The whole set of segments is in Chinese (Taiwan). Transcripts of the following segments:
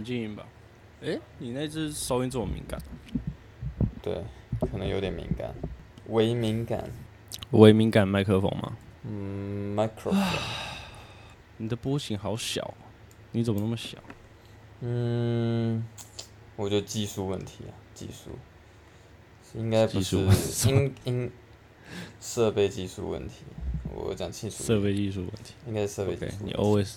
靜音吧。哎、欸，你那隻稍微這麼敏感。對，可能有點敏感，微敏感。微敏感麥克風嗎？嗯麥克風。你的波形好小，啊，你怎麼那麼小？嗯，我覺得技術問題啊，技術。應該不是技，應應設備技術問題，我講技術。設備技術問題。應該是設備技術。技 O.K. 你 always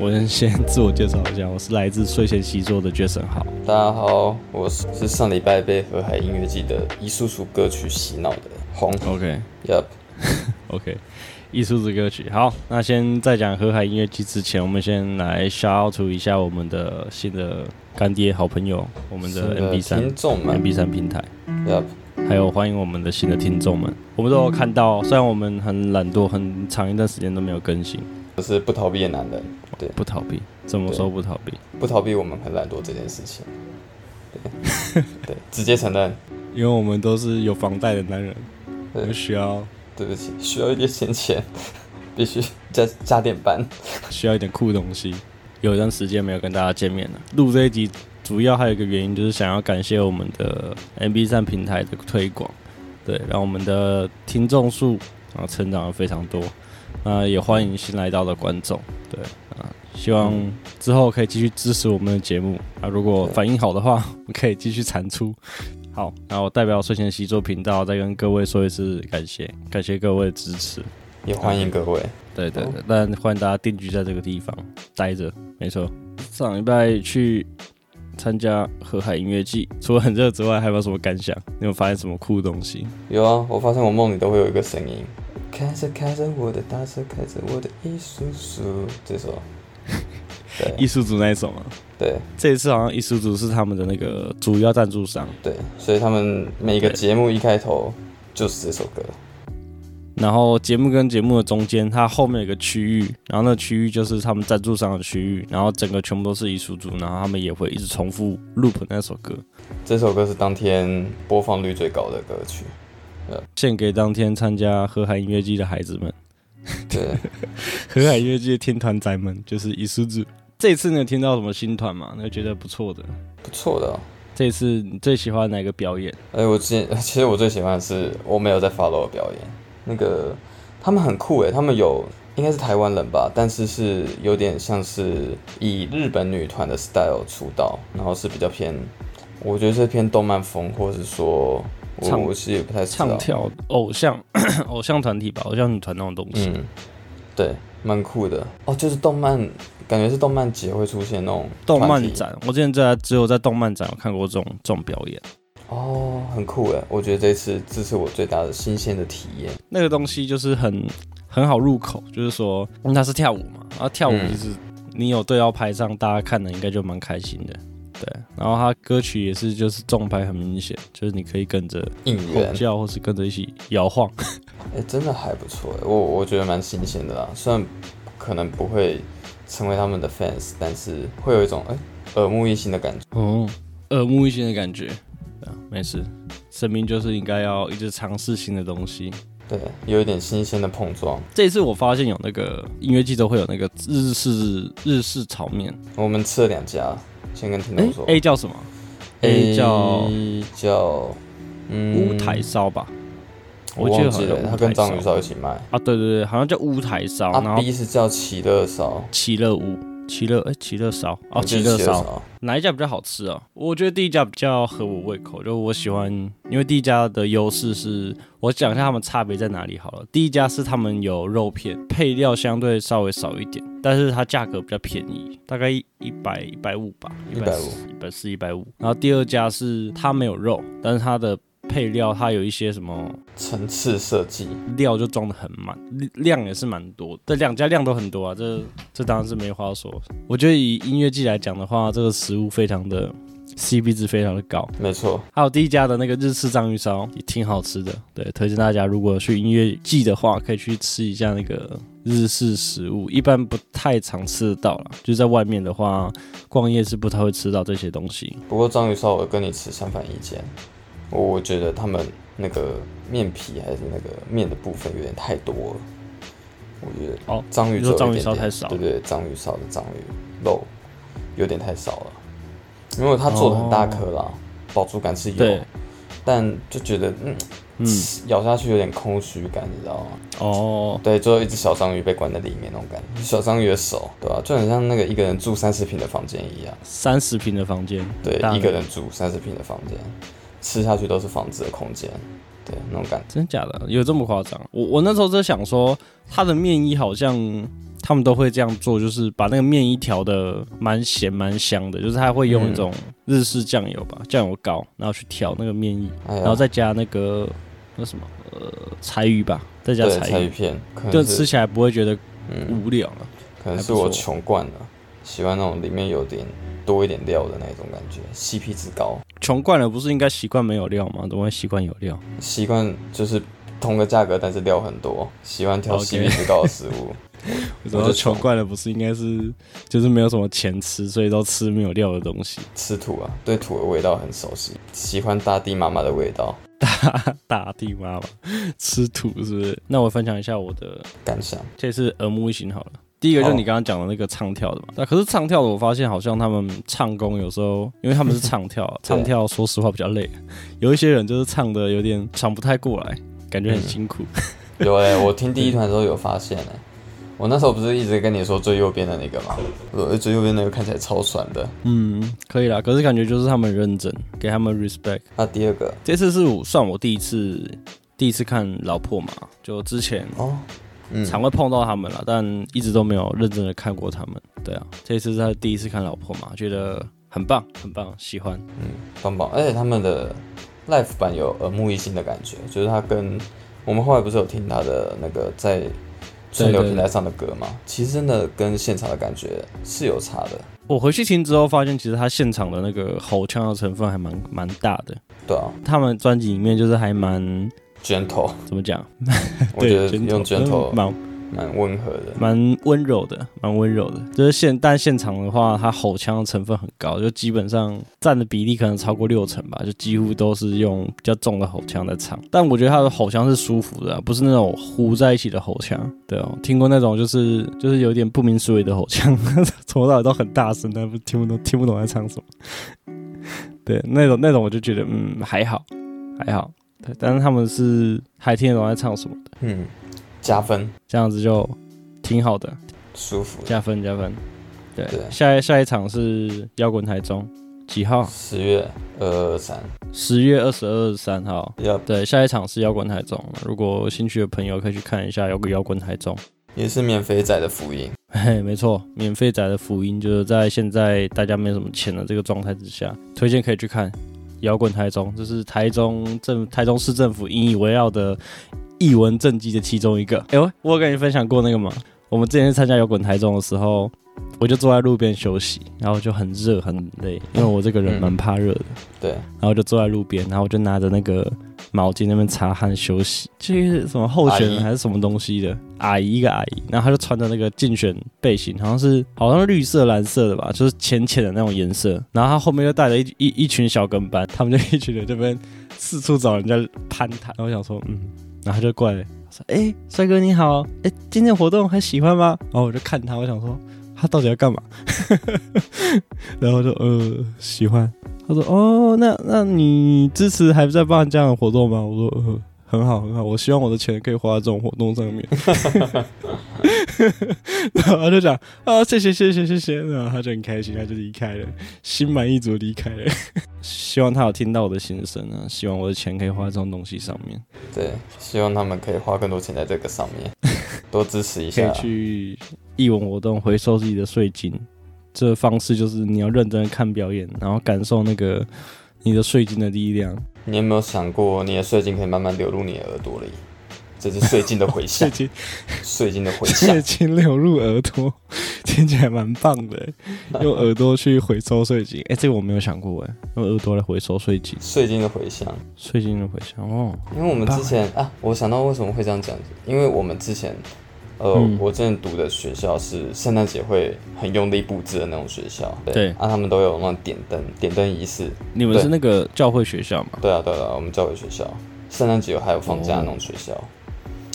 我先先自我介紹一下，我是來自睡前習作的 Jason 好。大家好，我是是上禮拜被河海音樂祭的一首首歌曲洗腦的 Hong。OK，Yup，OK，一首首歌曲。好，那先在講河海音樂祭之前，我們先來 shout out 一下我們的新的乾爹好朋友，我們的 MB3 MB3 平台。Yep，還有歡迎我們的新的聽眾們，我們都有看到，雖然我們很懶惰，很長一段時間都沒有更新。就是不逃避的男人，對，不逃避，怎麼說不逃避？不逃避我們很懶惰這件事情，對， 對，直接承認，因為我們都是有房貸的男人，對我們需要，對不起，需要一點閒錢，必須加加點班，需要一點酷的東西。有一段時間沒有跟大家見面了，錄這一集主要還有一個原因，就是想要感謝我們的 MB3 平台的推廣，對，讓我們的聽眾數成長了非常多。啊、呃，也歡迎新來到的觀眾，對啊、呃，希望之後可以繼續支持我們的節目。嗯、啊，如果反應好的話，對 可以繼續產出。 好，那、啊、我代表睡前習作頻道再跟各位說一次感謝，感謝各位的支持，也歡迎各位。呃、對對對，嗯、但歡迎大家定居在這個地方待着。沒錯，上禮拜去參加河海音樂祭，除了很熱之外，還有沒有什麼感想？你有沒有發現什麼酷的東西？有啊，我發現我夢裡都會有一個聲音。開着開着我的大車，開着我的藝術組這首， 對藝術組那一首嘛，對，這一次好像藝術組是他們的那個主要贊助商，對，所以他們每個節目一開頭就是這首歌，Okay. 然後節目跟節目的中間，它後面有一個區域，然後那區域就是他們贊助商的區域，然後整個全部都是藝術組，然後他們也會一直重複 loop 那首歌，這首歌是當天播放率最高的歌曲。獻 Yeah. 給當天參加河海音樂祭的孩子們，對河海 音樂祭的天團仔們就是以獅子。 這次呢，聽到什麼新團嘛？那覺得不錯的，不錯的、啊。這次你最喜歡哪個表演？哎、欸，我之前其實我最喜歡的是我沒有在 follow 的表演。那個他們很酷哎，他們有應該是台灣人吧，但是是有點像是以日本女團的 style 出道，嗯、然後是比較偏，我覺得是偏動漫風，或是說。唱舞戲也不太唱跳偶像 偶像團體吧，偶像女團那種東西。嗯、對，蠻酷的。哦，就是動漫，感覺是動漫節會出現那種動漫展。我之前在只有在動漫展有看過這種這種表演。哦，很酷誒，我覺得這次這是我最大的新鮮的體驗，那個東西就是很很好入口，就是說、嗯、因為它是跳舞嘛，然、啊、後跳舞就是、嗯、你有對要拍照，大家看的應該就蠻開心的。對，然後他歌曲也是，就是重拍很明顯，就是你可以跟着應援叫，或是跟着一起搖晃。哎、欸，真的還不錯，我我覺得蠻新鮮的啦。雖然可能不會成為他們的 fans，但是會有一種哎耳目一新的感覺。嗯、欸，耳目一新的感覺。哦、感覺對，沒事，生命就是應該要一直嘗試新的東西。對，有一點新鮮的碰撞。這一次我發現有那個音樂季都會有那個日式日式炒麵，我們吃了兩家。先跟聽眾說、欸、，A 叫什麼 A,？A 叫叫烏、嗯、台燒吧，我忘記了，他跟章魚燒一起賣啊！對對對，好像叫烏台燒，啊、然後 B 是叫奇樂燒，奇樂屋。奇樂哎，奇樂燒哦，奇樂燒，哪一家比較好吃啊？我覺得第一家比較合我胃口，就我喜歡，因為第一家的優勢是，我講一下他們差別在哪裡好了。第一家是他們有肉片，配料相對稍微少一點，但是它價格比較便宜，大概一百一百五吧，一百五，一百四、一百五。然後第二家是它沒有肉，但是它的。配料，它有一些什麼層次設計，料就裝得很滿，量也是蠻多。這兩家量都很多啊，這這當然是沒話說。我覺得以音樂季來講的話，這個食物非常的 C P 值非常的高，沒錯。還有第一家的那個日式章魚燒也挺好吃的，對，推薦大家如果去音樂季的話，可以去吃一下那個日式食物，一般不太常吃得到啦。就在外面的話，逛夜市不太會吃到這些東西。不過章魚燒我跟你持相反意見。我覺得他們那個麵皮還是那個麵的部分有點太多了。我覺得哦，章魚少一點點，對對對，章魚燒的章魚肉有點太少了。因為它做的很大顆啦，飽足感是有，但就覺得嗯咬下去有點空虛感，你知道嗎？哦，對，最後一隻小章魚被關在裡面那種感覺，小章魚的手，對吧、啊？就很像那個一個人住三十平的房間一樣，三十平的房間，對，一個人住三十平的房間。吃下去都是房子的空間，對那種感覺。真的假的？有這麼誇張？我我那時候就想說，他的麵衣好像他們都會這樣做，就是把那個麵衣調的蠻鹹蠻香的，就是他會用一種日式醬油吧，醬油膏，然後去調那個麵衣，哎、呀然後再加那個那什麼呃柴魚吧，再加柴魚、柴魚片，就吃起來不會覺得無聊了。嗯、可能是我窮慣了，喜歡那種裡面有點。多一點料的那種感覺，CP 值高。窮慣了不是應該習慣沒有料嗎？怎麼會習慣有料？習慣就是同個價格，但是料很多。喜歡挑 CP 值高的食物。我覺得窮慣了不是應該是就是沒有什麼錢吃，所以都吃沒有料的東西，吃土啊。對土的味道很熟悉，喜歡大地媽媽的味道。大大地媽媽，吃土是不是？那我分享一下我的感想。這是耳目一新好了。第一個就是你剛剛講的那個唱跳的嘛，那、oh. 可是唱跳的，我發現好像他們唱功有時候，因為他們是唱跳， 對唱跳說實話比較累，有一些人就是唱的有點唱不太過來，感覺很辛苦。嗯、 有哎、欸，我聽第一團的時候有發現、欸、對我那時候不是一直跟你說最右邊的那個嘛，呃， 最右邊那個看起來超酸的，嗯，可以啦。可是感覺就是他們認真，給他們 respect。那第二個，這次是我算我第一次，第一次看老婆嘛，就之前哦。Oh. 常會碰到他們了，嗯、但一直都沒有認真的看過他們。對啊，這一次是他第一次看老婆嘛，覺得很棒，很棒，喜歡，嗯、棒棒。而且他們的 live 版有耳目一新的感覺，就是他跟我們後來不是有聽他的那個在串流平台上的歌嗎？對對，其實真的跟現場的感覺是有差的。我回去聽之後發現，其實他現場的那個吼腔的成分還蠻蠻大的。對啊，他們專輯裡面就是還蠻。Gentle 怎麼講？ 對我覺得用 gentle 蠻蠻溫和的，蠻溫蠻柔的，蠻溫柔,柔的。就是現但現場的話，他吼腔成分很高，就基本上占的比例可能超過六成吧，就幾乎都是用比較重的吼腔在唱。但我覺得他的吼腔是舒服的、啊，不是那種糊在一起的吼腔。對哦，聽過那種就是就是有點不明所以的吼腔，從 頭到尾都很大聲，但不聽不懂聽不懂在唱什麼。 對，那種那種我就覺得嗯還好還好。還好對，但是他們是還聽得懂在唱什麼的。嗯，加分，這樣子就挺好的，舒服。加分，加分。對，對下一下一場是搖滾台中，幾號？十月二二三。十月二十二三號。要 Yep。對，下一場是搖滾台中，如果興趣的朋友可以去看一下，有個搖滾台中，也是免費仔的福音。嘿，沒錯，免費仔的福音就是在現在大家沒什麼錢的這個狀態之下，推薦可以去看。搖滾台中，就是台中政，台中市政府引以為傲的一文政績的其中一個。哎、欸、我有跟你分享過那個嗎？我們之前參加搖滾台中的時候，我就坐在路邊休息，然後就很熱很累，因為我這個人蠻怕熱的。嗯、對，然後就坐在路邊，然後就拿着那個。毛巾那邊擦汗休息，這是什麼候選人還是什麼東西的阿姨，阿姨一個阿姨，然後他就穿着那個競選背心，好像是好像綠色藍色的吧，就是淺淺的那種顏色，然後他後面又帶了一一一群小跟班，他們就一群人這邊四處找人家攀談。然後我想說，嗯，然後他就過來說，哎、欸，帥哥你好，哎、欸，今天活動還喜歡嗎？然後我就看他，我想說他到底要幹嘛， 然後就呃喜歡。他說：“哦，那那你支持還不在辦這樣的活動嗎？”我說、呃：“很好，很好，我希望我的錢可以花在這種活動上面。 ” 然後他就講：“啊、哦，謝謝，謝謝，謝謝。”然後他就很開心，他就離開了，心滿意足離開了。 希望他有聽到我的心聲啊！希望我的錢可以花在這種東西上面。對，希望他們可以花更多錢在這個上面， 多支持一下，可以去藝文活動，回收自己的稅金。這個方式就是你要認真看表演，然後感受那個你的稅金的力量。你有沒有想過，你的稅金可以慢慢流入你的耳朵裡？這是稅金的回響。 稅金進的回響。稅金流入耳朵，聽起來蠻棒的。用耳朵去回收稅金，哎、 欸，這個我沒有想過哎。用耳朵來回收稅金，稅金的回響，稅金的回響哦。因為我們之前巴啊，我想到為什麼會這樣講，因為我們之前。呃，嗯、我之前讀的學校是聖誕節會很用力布置的那種學校，對，那對、啊、他們都有那種點燈點燈儀式。你們是對那個教會學校嗎？對啊，對啊，我們教會學校，聖誕節還有放假的那種學校。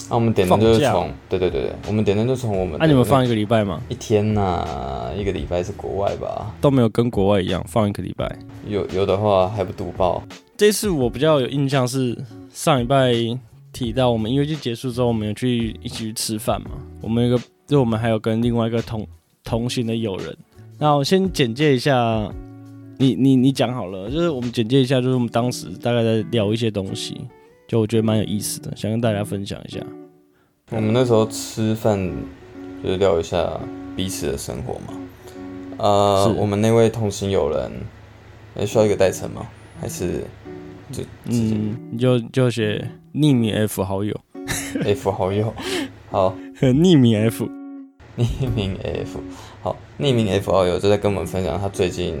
那、哦啊、我們點燈就是從，假對對對，對我們點燈就從我們的、那個。那、啊、你們放一個禮拜嗎？一天吶、啊，一個禮拜是國外吧，都沒有跟國外一樣放一個禮拜。有有的話還不讀報。這次我比較有印象是上禮拜。提到我們音樂祭結束之後，我們有去一起去吃飯嘛？我們有個，就我們還有跟另外一個同同行的友人。那我先簡介一下，你你你講好了，就是我們簡介一下，就是我們當時大概在聊一些東西，就我覺得蠻有意思的，想跟大家分享一下。我們那時候吃飯就是聊一下彼此的生活嘛。呃，是我們那位同行友人，還、欸、需要一個代稱嗎？還是就嗯，己就就是。匿名 F 好友 ，F 好友，好， 匿名 F， 匿名 F，好，匿名 F 好友就在跟我們分享他最近，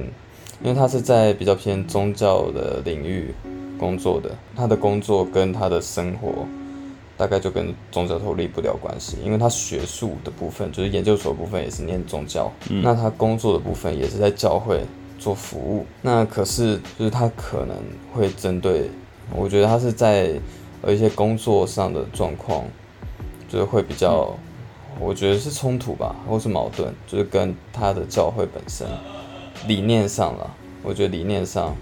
因為他是在比較偏宗教的領域工作的，他的工作跟他的生活大概就跟宗教脫離不了關係，因為他學術的部分就是研究所的部分也是念宗教，嗯、那他工作的部分也是在教會做服務，那可是就是他可能會針對，嗯、我覺得他是在。而一些工作上的狀況，就是會比較，嗯、我覺得是衝突吧，或是矛盾，就是跟他的教會本身理念上了。我覺得理念上，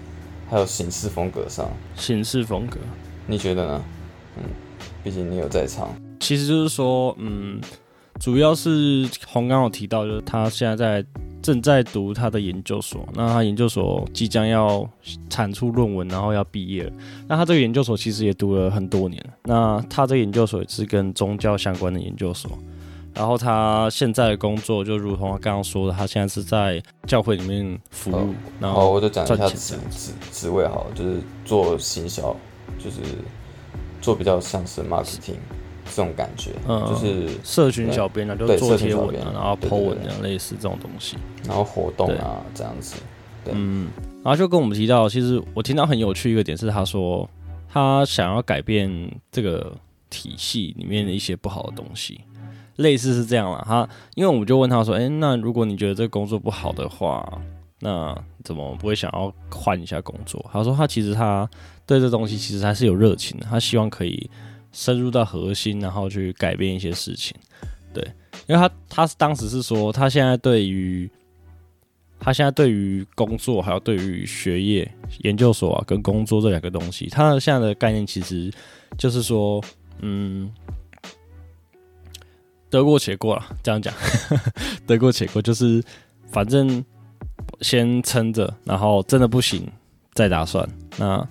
還有形式風格上。行事風格，你覺得呢？嗯，畢竟你有在場。其實就是說，嗯。主要是洪剛剛有提到，就是他現在在正在讀他的研究所，那他研究所即將要產出論文，然後要畢業。那他這個研究所其實也讀了很多年，那他這個研究所也是跟宗教相關的研究所。然後他現在的工作，就如同他剛剛說的，他現在是在教會裡面服務。好然後我就講一下職職職位好了，就是做行銷，就是做比較像是 marketing。這種感覺，嗯，就是社群小編呢，啊，對就做貼文啊，啊然後 po 文啊，對對對，類似這種東西，然後活動啊對這樣子，嗯，然後就跟我們提到，其實我聽到很有趣一個點是，他說他想要改變這個體系裡面的一些不好的東西，嗯、類似是這樣了。他因為我們就問他說，哎、欸，那如果你覺得這個工作不好的話，那怎麼不會想要換一下工作？他說他其實他對這東西其實還是有熱情的，他希望可以。深入到核心，然後去改變一些事情。對，因為他他當時是說，他現在對於他現在對於工作還有對於學業、研究所啊跟工作這兩個東西，他現在的概念其實就是說，嗯，得過且過啊，這樣講，得過且過就是反正先撐着，然後真的不行再打算。那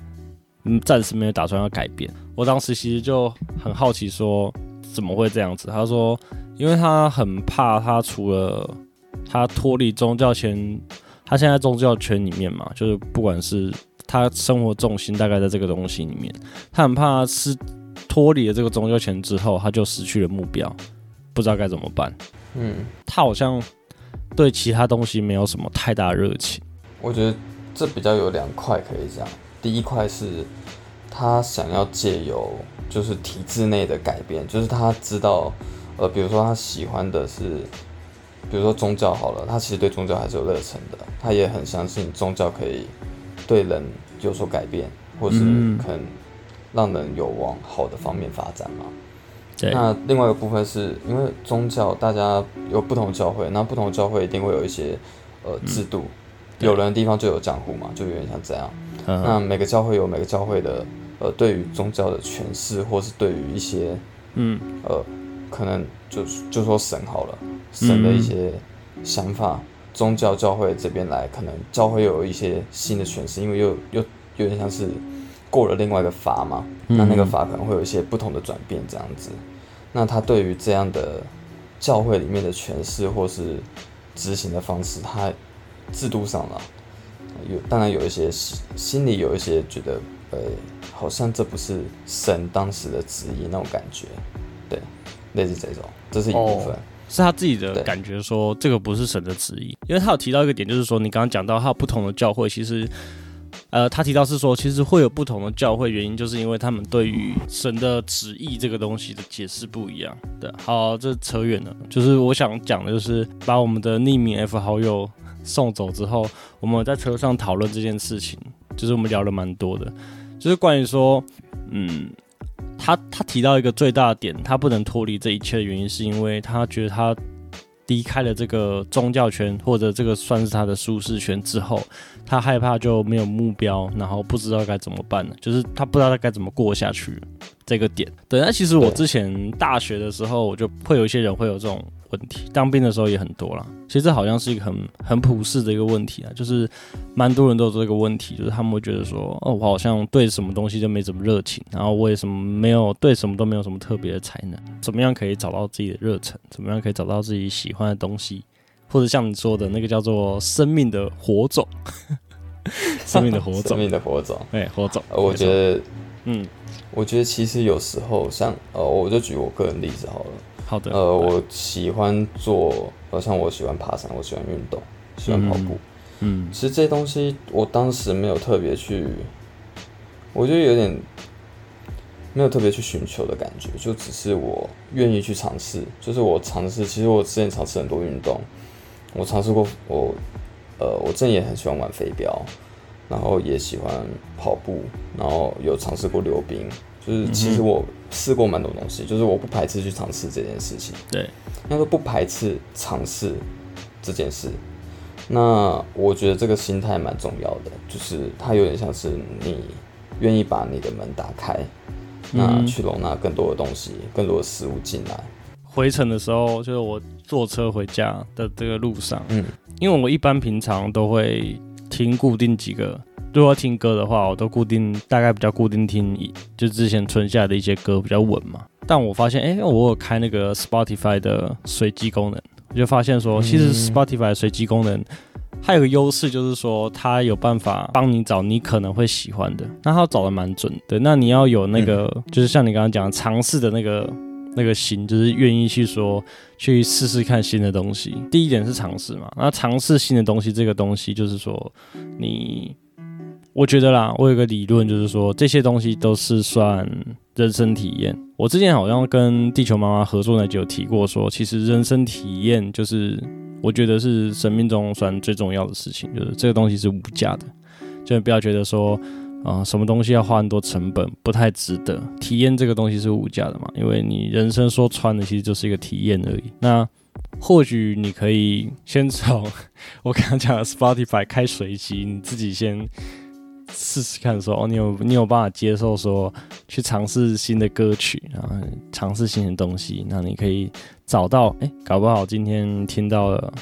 嗯，暫時沒有打算要改變。我當時其實就很好奇，說怎麼會這樣子？他說，因為他很怕，他除了他脫離宗教圈，他現在宗教圈裡面嘛，就是不管是他生活重心大概在這個東西裡面，他很怕是脫離了這個宗教圈之後，他就失去了目標，不知道該怎麼辦。嗯，他好像對其他東西沒有什麼太大熱情。我覺得這比較有兩塊可以講，第一塊是。他想要借由就是體制內的改變，就是他知道，呃，比如說他喜歡的是，比如說宗教好了，他其實對宗教還是有熱忱的，他也很相信宗教可以對人有所改變，或是可能讓人有往好的方面發展嘛。嗯、那另外一個部分是因為宗教，大家有不同的教會，那不同的教會一定會有一些呃制度，嗯、有人的地方就有江湖嘛，就有點像這樣。呵呵。那每個教會有每個教會的。呃，對於宗教的詮釋，或是對於一些，嗯，呃，可能就就說神好了，嗯、神的一些想法，宗教教會這邊來，可能教會又有一些新的詮釋，因為又又，又有點像是過了另外一個閥嘛，嗯、那那個閥可能會有一些不同的轉變這樣子。嗯、那他對於這樣的教會裡面的詮釋，或是執行的方式，他制度上了，有當然有一些心心裡有一些覺得。呃，好像這不是神當時的旨意那種感覺，對，類似這種，這是一部分，哦、是他自己的感覺說，說對這個不是神的旨意，因為他有提到一個點，就是說你剛剛講到他有不同的教會，其實，呃，他提到是說其實會有不同的教會，原因就是因為他們對於神的旨意這個東西的解釋不一樣。對，好，這扯遠了，就是我想講的就是把我們的匿名 F 好友送走之後，我們在車上討論這件事情，就是我們聊了蠻多的。就是關於說，嗯，他他提到一個最大的點，他不能脫離這一切的原因，是因為他覺得他離開了這個宗教圈，或者這個算是他的舒適圈之後，他害怕就沒有目標，然後不知道該怎麼辦了，就是他不知道他該怎麼過下去這個點。等下其實我之前大學的時候，我就會有一些人會有這種。問題，當兵的時候也很多啦，其實這好像是一個很很普世的一個問題啊，就是蠻多人都有這個問題，就是他們會覺得說，哦，我好像對什麼東西都沒怎麼熱情，然後我也什麼沒有，對什麼都沒有什麼特別的才能，怎麼樣可以找到自己的熱忱？怎麼樣可以找到自己喜歡的東西？或者像你說的那個叫做生命的火種，嗯、 生命的火種， 生命的火種，哎，火種、呃，我覺得，嗯，我覺得其實有時候像，呃，我就舉我個人例子好了。好的，呃，對我喜歡做，呃，像我喜歡爬山，我喜歡運動，喜歡跑步，嗯，嗯，其實這些東西，我當時沒有特別去，我覺得有點沒有特別去尋求的感覺，就只是我願意去嘗試，就是我嘗試，其實我之前嘗試很多運動，我嘗試過，我，呃，我之前也很喜歡玩飛鏢，然後也喜歡跑步，然後有嘗試過溜冰，就是其實我。嗯試過蠻多東西，就是我不排斥去嘗試這件事情。對，但是不排斥嘗試這件事。那我覺得這個心態蠻重要的，就是它有點像是你願意把你的門打開，那去容納更多的東西、嗯、更多的事物進來。回程的時候，就是我坐車回家的這個路上，嗯，因為我一般平常都會聽固定幾個。如果要聽歌的話，我都固定大概比較固定聽，就之前存下的一些歌比較穩嘛。但我發現，誒、欸，我有開那個 Spotify 的隨機功能，我就發現說，其實 Spotify 隨機功能它有個優勢，就是說它有辦法幫你找你可能會喜歡的。那它找的蠻準的。那你要有那個，嗯、就是像你剛剛講的嘗試的那個那個心，就是願意去說去試試看新的東西。第一點是嘗試嘛。那嘗試新的東西這個東西，就是說你。我覺得啦，我有個理論，就是說，這些東西都是算人生體驗。我之前好像跟地球媽媽合作那集有提過說，說其實人生體驗就是，我覺得是生命中算最重要的事情，就是這個東西是無價的，就你不要覺得說啊、呃、什麼東西要花很多成本不太值得。體驗這個東西是無價的嘛，因為你人生說穿的其實就是一個體驗而已。那或許你可以先從我剛剛講的 Spotify 開隨機，你自己先。試試看說，說哦，你有你有辦法接受說去嘗試新的歌曲，然後嘗試新的東西，那你可以找到，哎，搞不好今天聽到了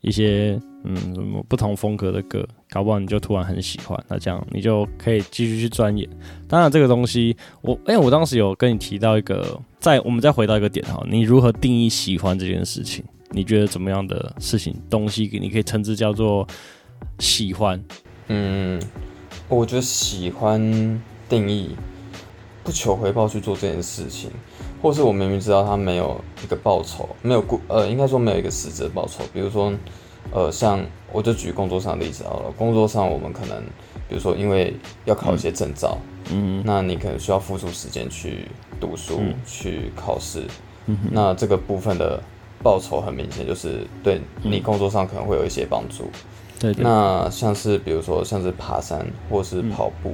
一些嗯什麼不同風格的歌，搞不好你就突然很喜歡，那這樣你就可以繼續去鑽研。當然，這個東西我哎，我當時有跟你提到一個，再我們再回到一個點哈，你如何定義喜歡這件事情？你覺得怎麼樣的事情東西，你可以稱之叫做喜歡？嗯。我覺得喜歡定義，不求回報去做這件事情，或是我明明知道他沒有一個報酬，沒有過呃，應該說沒有一個實質報酬。比如說，呃，像我就舉工作上的例子好了。工作上我們可能，比如說因為要考一些證照，嗯，那你可能需要付出時間去讀書、嗯、去考試，嗯哼，那這個部分的報酬很明顯就是對你工作上可能會有一些幫助。對，對，那像是比如說像是爬山或是跑步，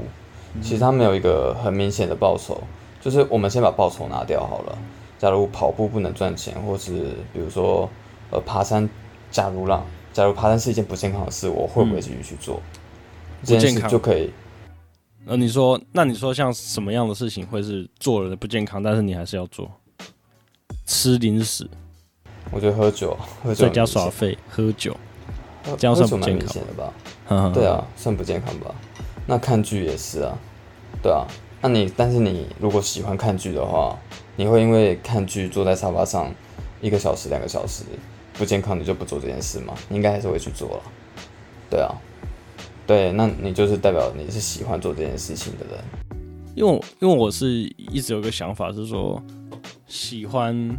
嗯嗯、其實他沒有一個很明顯的報酬。就是我們先把報酬拿掉好了。假如跑步不能賺錢，或是比如說呃爬山，假如讓假如爬山是一件不健康的事，我會不會繼續去做？不健康就可以。那你說，那你說像什麼樣的事情會是做了的不健康，但是你還是要做？吃零食。我覺得喝酒。在家耍廢，喝酒。這樣算不健康、啊、蠻明顯的吧？呵呵對啊，算不健康吧？那看劇也是啊，對啊。那你但是你如果喜歡看劇的話，你會因為看劇坐在沙發上一個小時兩個小時不健康，你就不做這件事嗎？你應該還是會去做了、啊。對啊，對，那你就是代表你是喜歡做這件事情的人。因為因為我是一直有一個想法、就是說，喜歡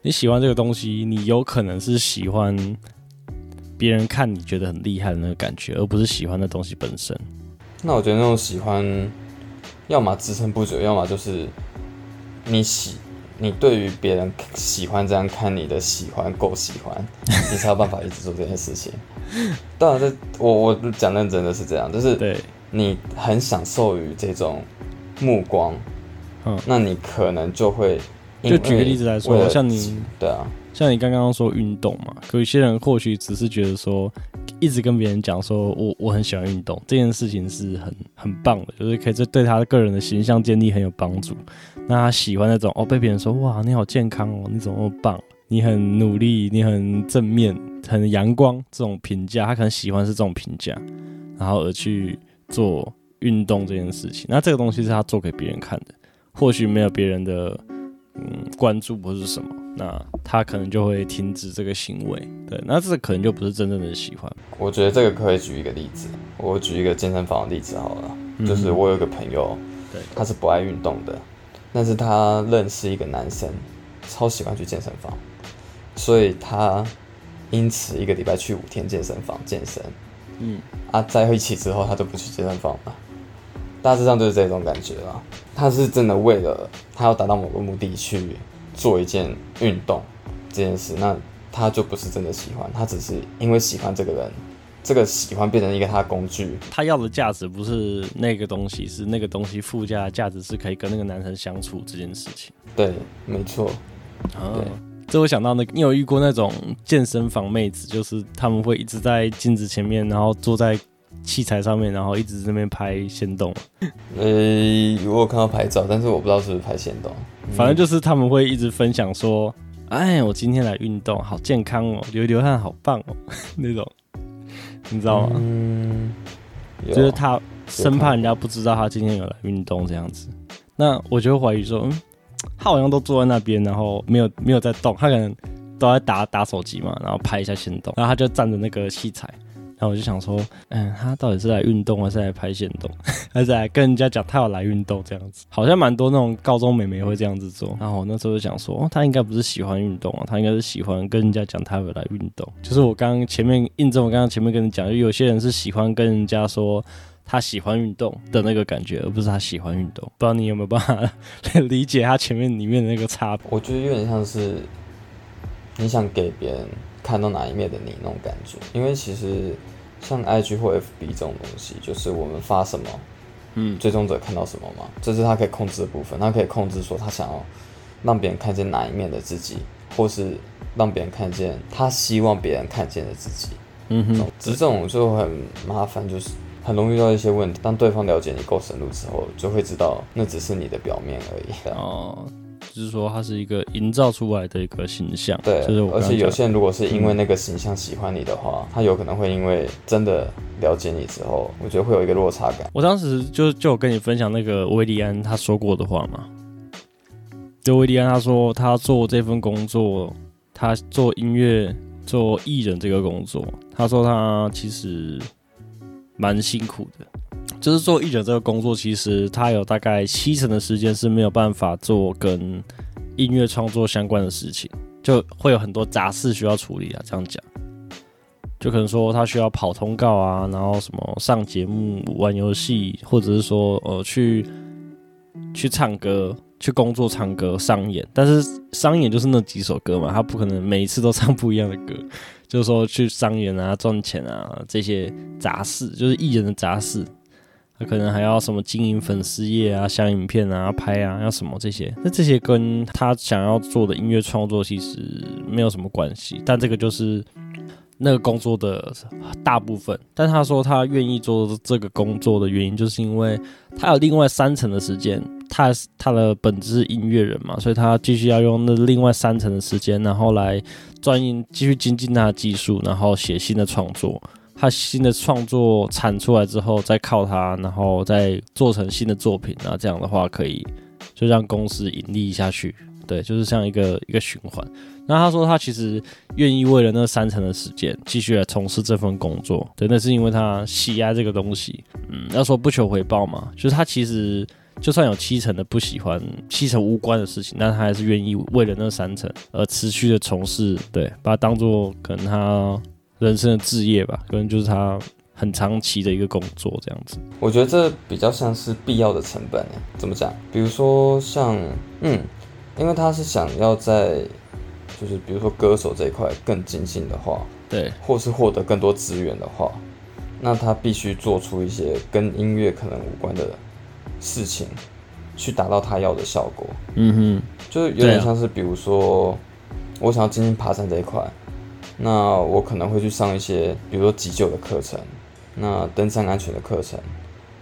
你喜歡這個東西，你有可能是喜歡。別人看你覺得很厲害的那個感覺，而不是喜歡的東西本身。那我覺得那種喜歡，要麼支撐不久，要麼就是你喜，你對於別人喜歡這樣看你的喜歡，夠喜歡，你才有辦法一直做這件事情。當然這我，我講認真的是這樣，就是對，你很享受於這種目光，嗯對，那你可能就會因為，就舉個例子來說，了像你，對啊。像你剛剛說運動嘛，可有些人或許只是覺得說，一直跟別人講說我我很喜歡運動這件事情是很很棒的，就是可以這對他個人的形象建立很有幫助。那他喜歡那種哦被別人說哇你好健康哦，你怎麼那麼棒，你很努力，你很正面，很陽光這種評價，他可能喜歡是這種評價，然後而去做運動這件事情。那這個東西是他做給別人看的，或許沒有別人的。嗯，關注不是什麼，那他可能就會停止這個行為。對，那這可能就不是真正的喜歡。我覺得這個可以舉一個例子，我舉一個健身房的例子好了，就是我有一個朋友，對、嗯，他是不愛運動的，對但是他認識一個男生，超喜歡去健身房，所以他因此一個禮拜去五天健身房健身。嗯，啊，在一起之後他就不去健身房了，大致上就是這種感覺了。他是真的為了他要達到某個目的去做一件運動這件事，那他就不是真的喜歡，他只是因為喜歡這個人，這個喜歡變成一個他的工具。他要的價值不是那個東西，是那個東西附加的價值是可以跟那個男生相處這件事情。對，沒錯。啊、哦，對，這我想到那個，你有遇過那種健身房妹子，就是他們會一直在鏡子前面，然後坐在器材上面，然後一直在那邊拍限動。呃、欸，如果看到拍照，但是我不知道是不是拍限動。嗯、反正就是他們會一直分享說：“哎，我今天來運動，好健康哦，流流汗好棒哦， 那種，你知道嗎？”嗯，就是他生怕人家不知道他今天有來運動這樣子。那我就懷疑說，嗯，他好像都坐在那邊，然後沒有沒有在動，他可能都在打打手機嘛，然後拍一下限動，然後他就站着那個器材。那我就想說，嗯、欸，他到底是來運動還是來拍線動， 還是來跟人家講他要來運動這樣子？好像蠻多那種高中美眉會這樣子做。然後我那時候就想說，哦，她應該不是喜歡運動啊，她應該是喜歡跟人家講她有來運動。就是我剛剛前面印證我剛剛前面跟你講，就有些人是喜歡跟人家說他喜歡運動的那個感覺，而不是他喜歡運動。不知道你有沒有辦法 理解他前面裡面的那個差別？我覺得有點像是你想給別人看到哪一面的你那種感覺，因為其實。像 IG 或 FB 這種東西，就是我們發什麼，嗯，追蹤者看到什麼嘛？這是他可以控制的部分，他可以控制說他想要讓別人看見哪一面的自己，或是讓別人看見他希望別人看見的自己。嗯哼，只是這種就很麻煩，就是很容易遇到一些問題。當對方了解你夠深入之後，就會知道那只是你的表面而已。哦。就是說，他是一個營造出來的一個形象，對，就是我剛剛。而且有些人如果是因為那個形象喜歡你的話，嗯、他有可能會因為真的了解你之後，我覺得會有一個落差感。我當時就就有跟你分享那個威利安他說過的話嘛，就威利安他說他做這份工作，他做音樂、做藝人這個工作，他說他其實蠻辛苦的。就是做藝人這個工作，其實他有大概七成的時間是沒有辦法做跟音樂創作相關的事情，就會有很多雜事需要處理啊。這樣講，就可能說他需要跑通告啊，然後什麼上節目、玩遊戲，或者是說呃去去唱歌、去工作、唱歌、商演。但是商演就是那幾首歌嘛，他不可能每一次都唱不一樣的歌。就是說去商演啊、賺錢啊這些雜事，就是藝人的雜事。他可能還要什麼經營粉絲頁啊、像影片啊、拍啊，要什麼這些。那這些跟他想要做的音樂創作其實沒有什麼關係，但這個就是那個工作的大部分。但他說他願意做這個工作的原因，就是因為他有另外三成的時間。他他的本質是音樂人嘛，所以他繼續要用那另外三成的時間，然後來鑽研、繼續精進他的技術，然後寫新的創作。他新的創作產出來之後，再靠他，然後再做成新的作品，那這樣的話可以就讓公司盈利下去。對，就是像一個一個循環。那他說他其實願意為了那三成的時間繼續來從事這份工作。對，那是因為他喜愛這個東西。嗯，要說不求回報嘛，就是他其實就算有七成的不喜歡、七成無關的事情，但他還是願意為了那三成而持續的從事。對，把它當做可能他人生的置業吧，可能就是他很長期的一個工作這樣子。我覺得這比較像是必要的成本。怎麼講？比如說像，嗯，因為他是想要在，就是比如說歌手這一塊更精進的話，對，或是獲得更多資源的話，那他必須做出一些跟音樂可能無關的事情，去達到他要的效果。嗯哼，就是有點像是，比如說、啊、我想要精進爬山這一塊。那我可能會去上一些，比如說急救的課程，那登山安全的課程，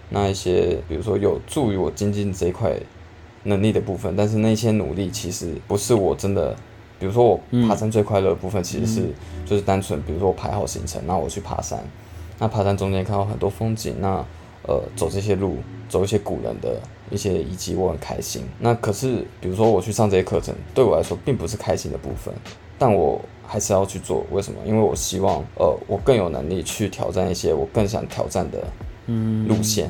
那一些比如說有助於我精進這一塊能力的部分。但是那些努力其實不是我真的，比如說我爬山最快樂的部分其實是就是單純，比如說我排好行程，那我去爬山。那爬山中間看到很多風景，那呃走這些路，走一些古人的一些遺跡，我很開心。那可是比如說我去上這些課程，對我來說並不是開心的部分，但我。還是要去做，為什麼？因為我希望，呃，我更有能力去挑戰一些我更想挑戰的路線，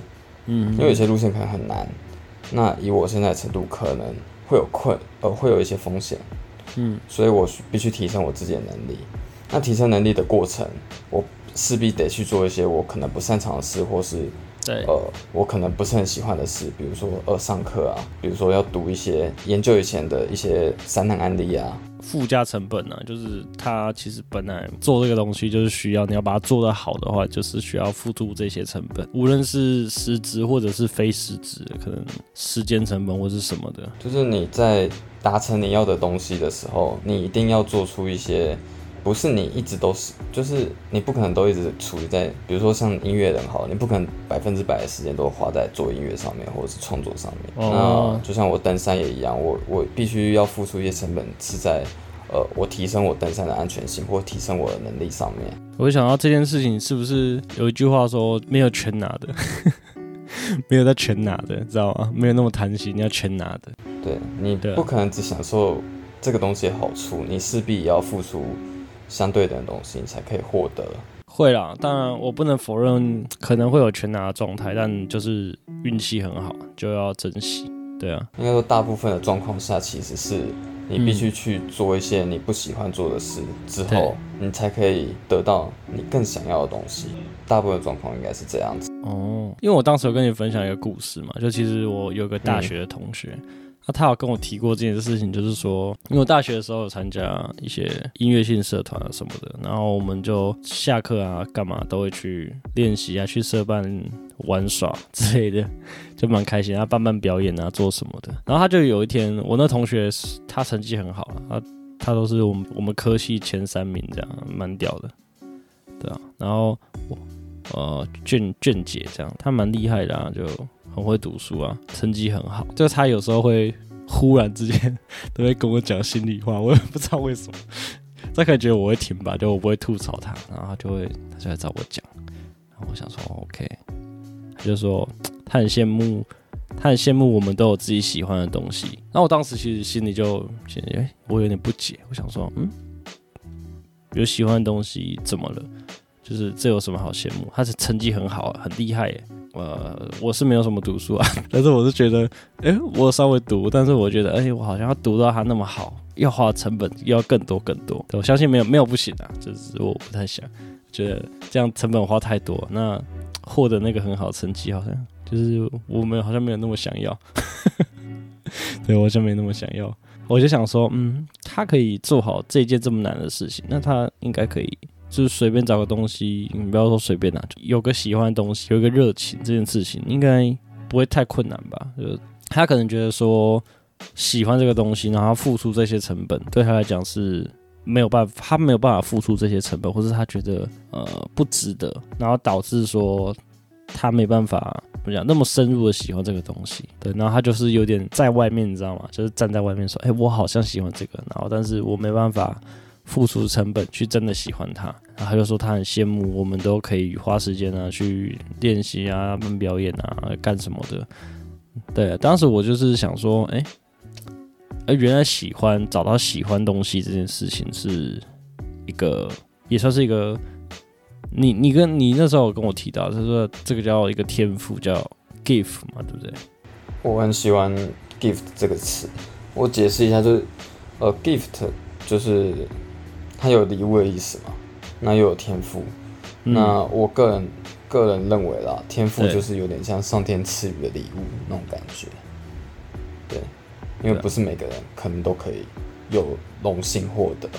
嗯，嗯因為有些路線可能很難，那以我現在程度可能會有困，呃，會有一些風險，嗯，所以我必須提升我自己的能力。那提升能力的過程，我勢必得去做一些我可能不擅長的事，或是對，呃，我可能不是很喜歡的事，比如說呃上課啊，比如說要讀一些研究以前的一些山難案例啊。附加成本啊，就是它其實本來做這個東西就是需要，你要把它做得好的話，就是需要付出這些成本，無論是實質或者是非實質，可能時間成本或者是什麼的，就是你在達成你要的東西的時候，你一定要做出一些。不是你一直都是，就是你不可能都一直處於在，比如說像音樂人好，你不可能百分之百的時間都花在做音樂上面或者是創作上面。Oh. 那就像我登山也一樣，我我必須要付出一些成本，是在呃我提升我登山的安全性或提升我的能力上面。我想到這件事情，是不是有一句話說沒有全拿的， 沒有在全拿的，知道嗎？沒有那麼貪心，你要全拿的對，你不可能只享受這個東西的好處，你勢必也要付出。相對等的東西，你才可以獲得。會啦，當然我不能否認可能會有全拿的狀態，但就是運氣很好，就要珍惜。對啊，應該說大部分的狀況下，其實是你必須須去做一些你不喜歡做的事之後，對你才可以得到你更想要的東西。大部分狀況應該是這樣子。哦，因為我當時有跟你分享一個故事嘛，就其實我有個大學的同學。嗯那、啊、他有跟我提過這件事情，就是說，因為我大學的時候有參加一些音樂性社團啊什麼的，然後我們就下課啊幹嘛都會去練習啊，去社辦玩耍之類的，就蠻開心啊，辦辦表演啊，做什麼的。然後他就有一天，我那同學他成績很好啊，他都是我們我們科系前三名這樣，蠻屌的，對啊。然後我呃俊俊傑這樣，他蠻厲害的啊，就。很會讀書啊，成績很好。就是他有時候會忽然之間都會跟我講心裡話，我也不知道為什麼。 他可能覺得我會聽吧，就我不會吐槽他，然後他就會他就來找我講。然後我想說 OK，他就說他很羨慕，他很羨慕我們都有自己喜歡的東西。那我當時其實心裡就、哎、我有點不解。我想說嗯，有喜歡的東西怎麼了？就是這有什麼好羨慕？他是成績很好，很厲害耶。呃，我是沒有什麼讀書啊，但是我是覺得，誒、欸，我稍微讀，但是我覺得，哎、欸，我好像要讀到他那麼好，要花成本，要更多更多。我相信沒有沒有不行啊，就是我不太想，覺得這樣成本花太多，那獲得那個很好成績好像就是我們好像沒有那麼想要， 對，我就沒那麼想要，我就想說，嗯，他可以做好這件這麼難的事情，那他應該可以。就是隨便找個東西，你不要說隨便啦，就有個喜歡的東西，有一個熱情，這件事情應該不會太困難吧？就他可能覺得說喜歡這個東西，然後付出這些成本，對他來講是沒有辦法，他沒有辦法付出這些成本，或是他覺得呃不值得，然後導致說他沒辦法怎麼講那麼深入的喜歡這個東西。對，然後他就是有點在外面，你知道嗎？就是站在外面說，哎、欸，我好像喜歡這個，然後但是我沒辦法。付出成本去真的喜歡他，然後就說他很羨慕我們都可以花時間啊去練習啊、他們表演啊、幹什麼的。對，當時我就是想說，哎，哎，原來喜歡找到喜歡東西這件事情是一個，也算是一個。你你跟你那時候有跟我提到，他、就是、說這個叫一個天賦，叫 gift 嘛，對不對？我很喜歡 gift 這個詞，我解釋一下，就是呃，gift 就是。他有禮物的意思嘛？那又有天賦。嗯、那我個人個人認為啦，天賦就是有點像上天賜予的禮物對那種感覺。對，因為不是每個人、啊、可能都可以有榮幸獲得。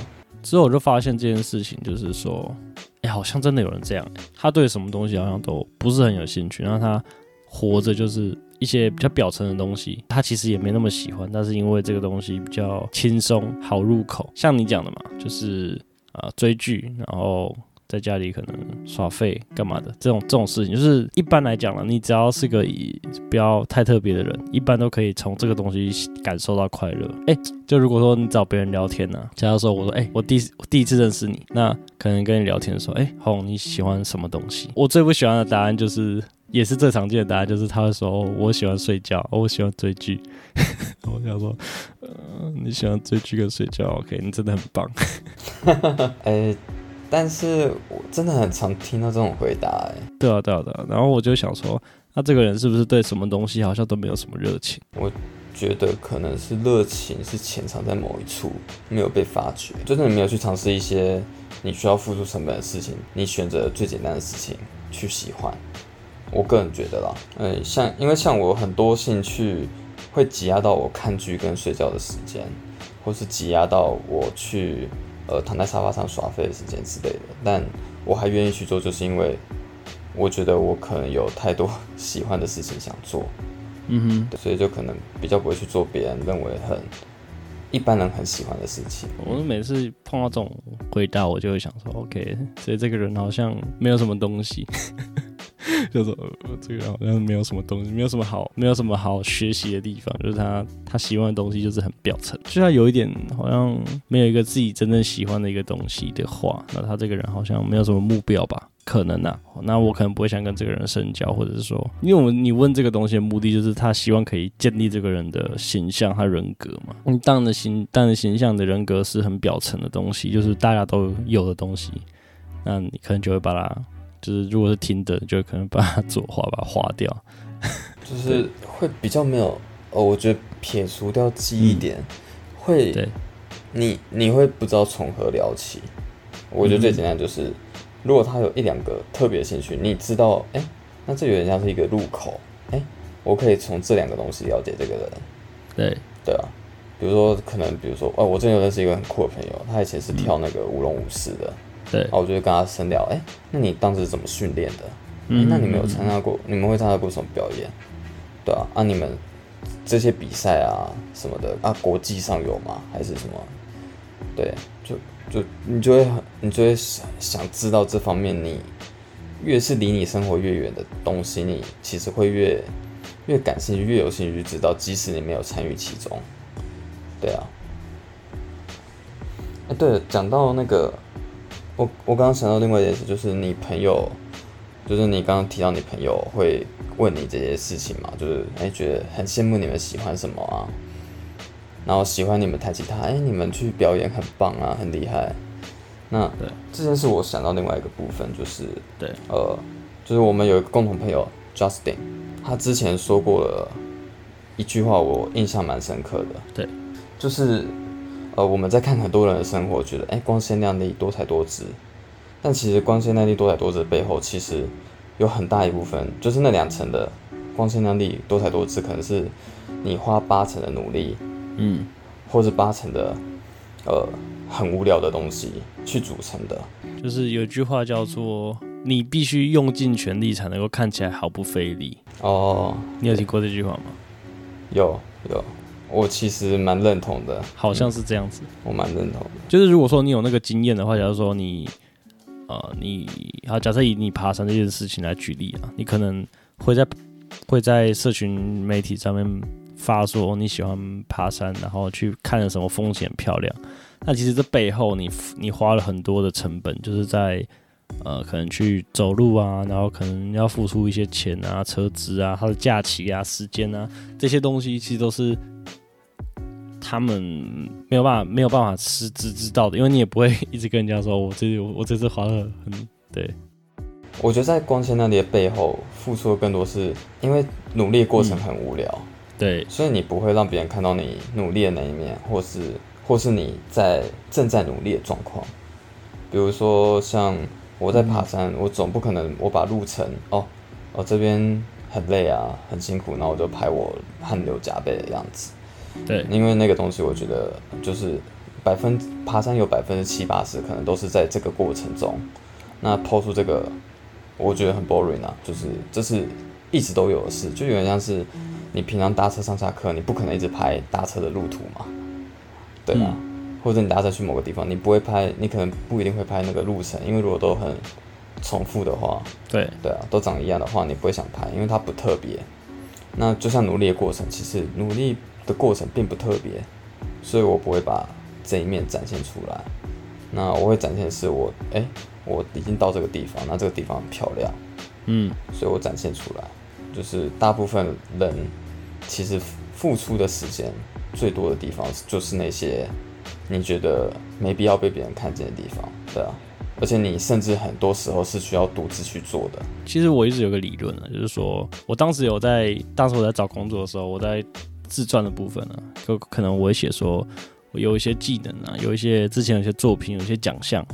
之後我就發現這件事情，就是說，哎、欸，好像真的有人這樣、欸。他對什麼東西好像都不是很有興趣，然後他活着就是。一些比較表層的東西，他其實也沒那麼喜歡，但是因為這個東西比較輕鬆、好入口。像你講的嘛，就是呃追劇，然後在家裡可能耍廢幹嘛的這種這種事情，就是一般來講呢，你只要是個以不要太特別的人，一般都可以從這個東西感受到快樂。誒、欸，就如果說你找別人聊天呢、啊，假如說我說誒、欸，我第我第一次認識你，那可能跟你聊天的時候，誒、欸，Hong 你喜歡什麼東西？我最不喜歡的答案就是。也是最常見的答案，就是他會說：“我喜歡睡覺，我喜歡追劇。 ”我想說：“嗯、呃，你喜歡追劇跟睡覺，OK，你真的很棒。 ”哎、 欸，但是我真的很常聽到這種回答，哎，對啊，對啊，對啊。然後我就想說，他這個人是不是對什麼東西好像都沒有什麼熱情？我覺得可能是熱情是潛藏在某一處，沒有被發掘，真、就、的、是、你沒有去嘗試一些你需要付出成本的事情，你選擇最簡單的事情去喜歡。我個人覺得啦，嗯，像因為像我很多興趣會擠壓到我看劇跟睡覺的時間，或是擠壓到我去呃躺在沙發上耍廢的時間之類的。但我還願意去做，就是因為我覺得我可能有太多喜歡的事情想做，嗯哼，所以就可能比較不會去做別人認為很一般人很喜歡的事情。我每次碰到這種回答，我就會想說，OK，所以這個人好像沒有什麼東西。 叫做呃，這個好像沒有什麼東西，沒有什麼好，沒有什麼好學習的地方。就是他他喜歡的東西就是很表層。就他有一點好像沒有一個自己真正喜歡的一個東西的話，那他這個人好像沒有什麼目標吧？可能吶、啊。那我可能不會想跟這個人深交，或者是說，因為我們你問這個東西的目的就是他希望可以建立這個人的形象和人格嘛。你當的形，當然形象的人格是很表層的東西，就是大家都有的東西，那你可能就會把它。就是如果是聽的，就可能把它作畫，把它畫掉， 就是會比較沒有哦。我覺得撇除掉記憶點，嗯、會對你你會不知道從何聊起。我覺得最簡單就是，嗯、如果他有一兩個特別的興趣，你知道，哎、欸，那這有點像是一個入口，哎、欸，我可以從這兩個東西了解這個人。對對啊，比如說可能，比如說，哦，我之前有認識一個很酷的朋友，他以前是跳那個舞龍舞獅的。嗯對、啊，我就跟他深聊，哎，那你當時怎麼訓練的？嗯，嗯，嗯，那你們有參加過？你們會參加過什麼表演？對啊，啊，你們這些比賽啊什麼的啊，國際上有嗎？還是什麼？對，就就你就會你就會想想知道這方面，你越是離你生活越遠的東西，你其實會越越感興趣，越有興趣知道，即使你沒有參與其中。對啊。對，講到那個。我我剛剛想到另外一件事，就是你朋友，就是你剛剛提到你朋友會問你這些事情嘛，就是哎、欸、覺得很羨慕你們喜歡什麼啊，然後喜歡你們彈吉他，哎、欸、你們去表演很棒啊，很厲害。那對，這件事我想到另外一個部分，就是對，呃，就是我們有一個共同朋友 Justin，他之前說過了一句話，我印象蠻深刻的，對，就是。呃，我們在看很多人的生活，覺得哎、欸，光鮮亮麗、多才多姿，但其實光鮮亮麗、多才多姿的背後，其實有很大一部分就是那兩層的光鮮亮麗、多才多姿，可能是你花八成的努力，嗯，或是八成的呃很無聊的東西去組成的。就是有句話叫做，你必須用盡全力才能夠看起來毫不費力。哦，你有聽過這句話嗎？有，有。我其實蠻認同的，好像是這樣子。嗯、我蠻認同，就是如果說你有那個經驗的話，假如說你，呃，你好，假設以你爬山這件事情來舉例啊，你可能會在會在社群媒體上面發說、哦、你喜歡爬山，然後去看了什麼風景漂亮。那其實這背後你，你你花了很多的成本，就是在呃，可能去走路啊，然後可能要付出一些錢啊、車資啊、他的假期啊、時間啊這些東西，其實都是。他們沒有辦法，沒有辦法知知道的，因為你也不會一直跟人家說我這我這次花了很對。我覺得在光鮮亮麗，的背後，付出的更多是因為努力過程很無聊，嗯、對，所以你不會讓別人看到你努力的那一面，或是或是你在正在努力的狀況。比如說像我在爬山，嗯、我總不可能我把路程哦，我、哦、這邊很累啊，很辛苦，然後就我就拍我汗流浹背的樣子。對，因為那個東西，我覺得就是百分爬山有百分之七八十，可能都是在這個過程中，那 PO 出這個，我覺得很 boring 啊，就是這是一直都有的事，就有點像是你平常搭車上下課，你不可能一直拍搭車的路途嘛，對、嗯、啊，或者你搭車去某個地方，你不會拍，你可能不一定會拍那個路程，因為如果都很重複的話，對，對啊，都長一樣的話，你不會想拍，因為它不特別。那就像努力的過程，其實努力。的過程並不特別，所以我不會把這一面展現出來。那我會展現是我誒、欸，我已經到這個地方，那這個地方很漂亮，嗯，所以我展現出來就是大部分人其實付出的時間最多的地方，就是那些你覺得沒必要被別人看見的地方，對啊，而且你甚至很多時候是需要獨自去做的。其實我一直有個理論啊，就是說我當時有在當時我在找工作的時候，我在。自傳的部分呢、啊，就可能我會寫說，我有一些技能啊，有一些之前有一些作品，有一些獎項，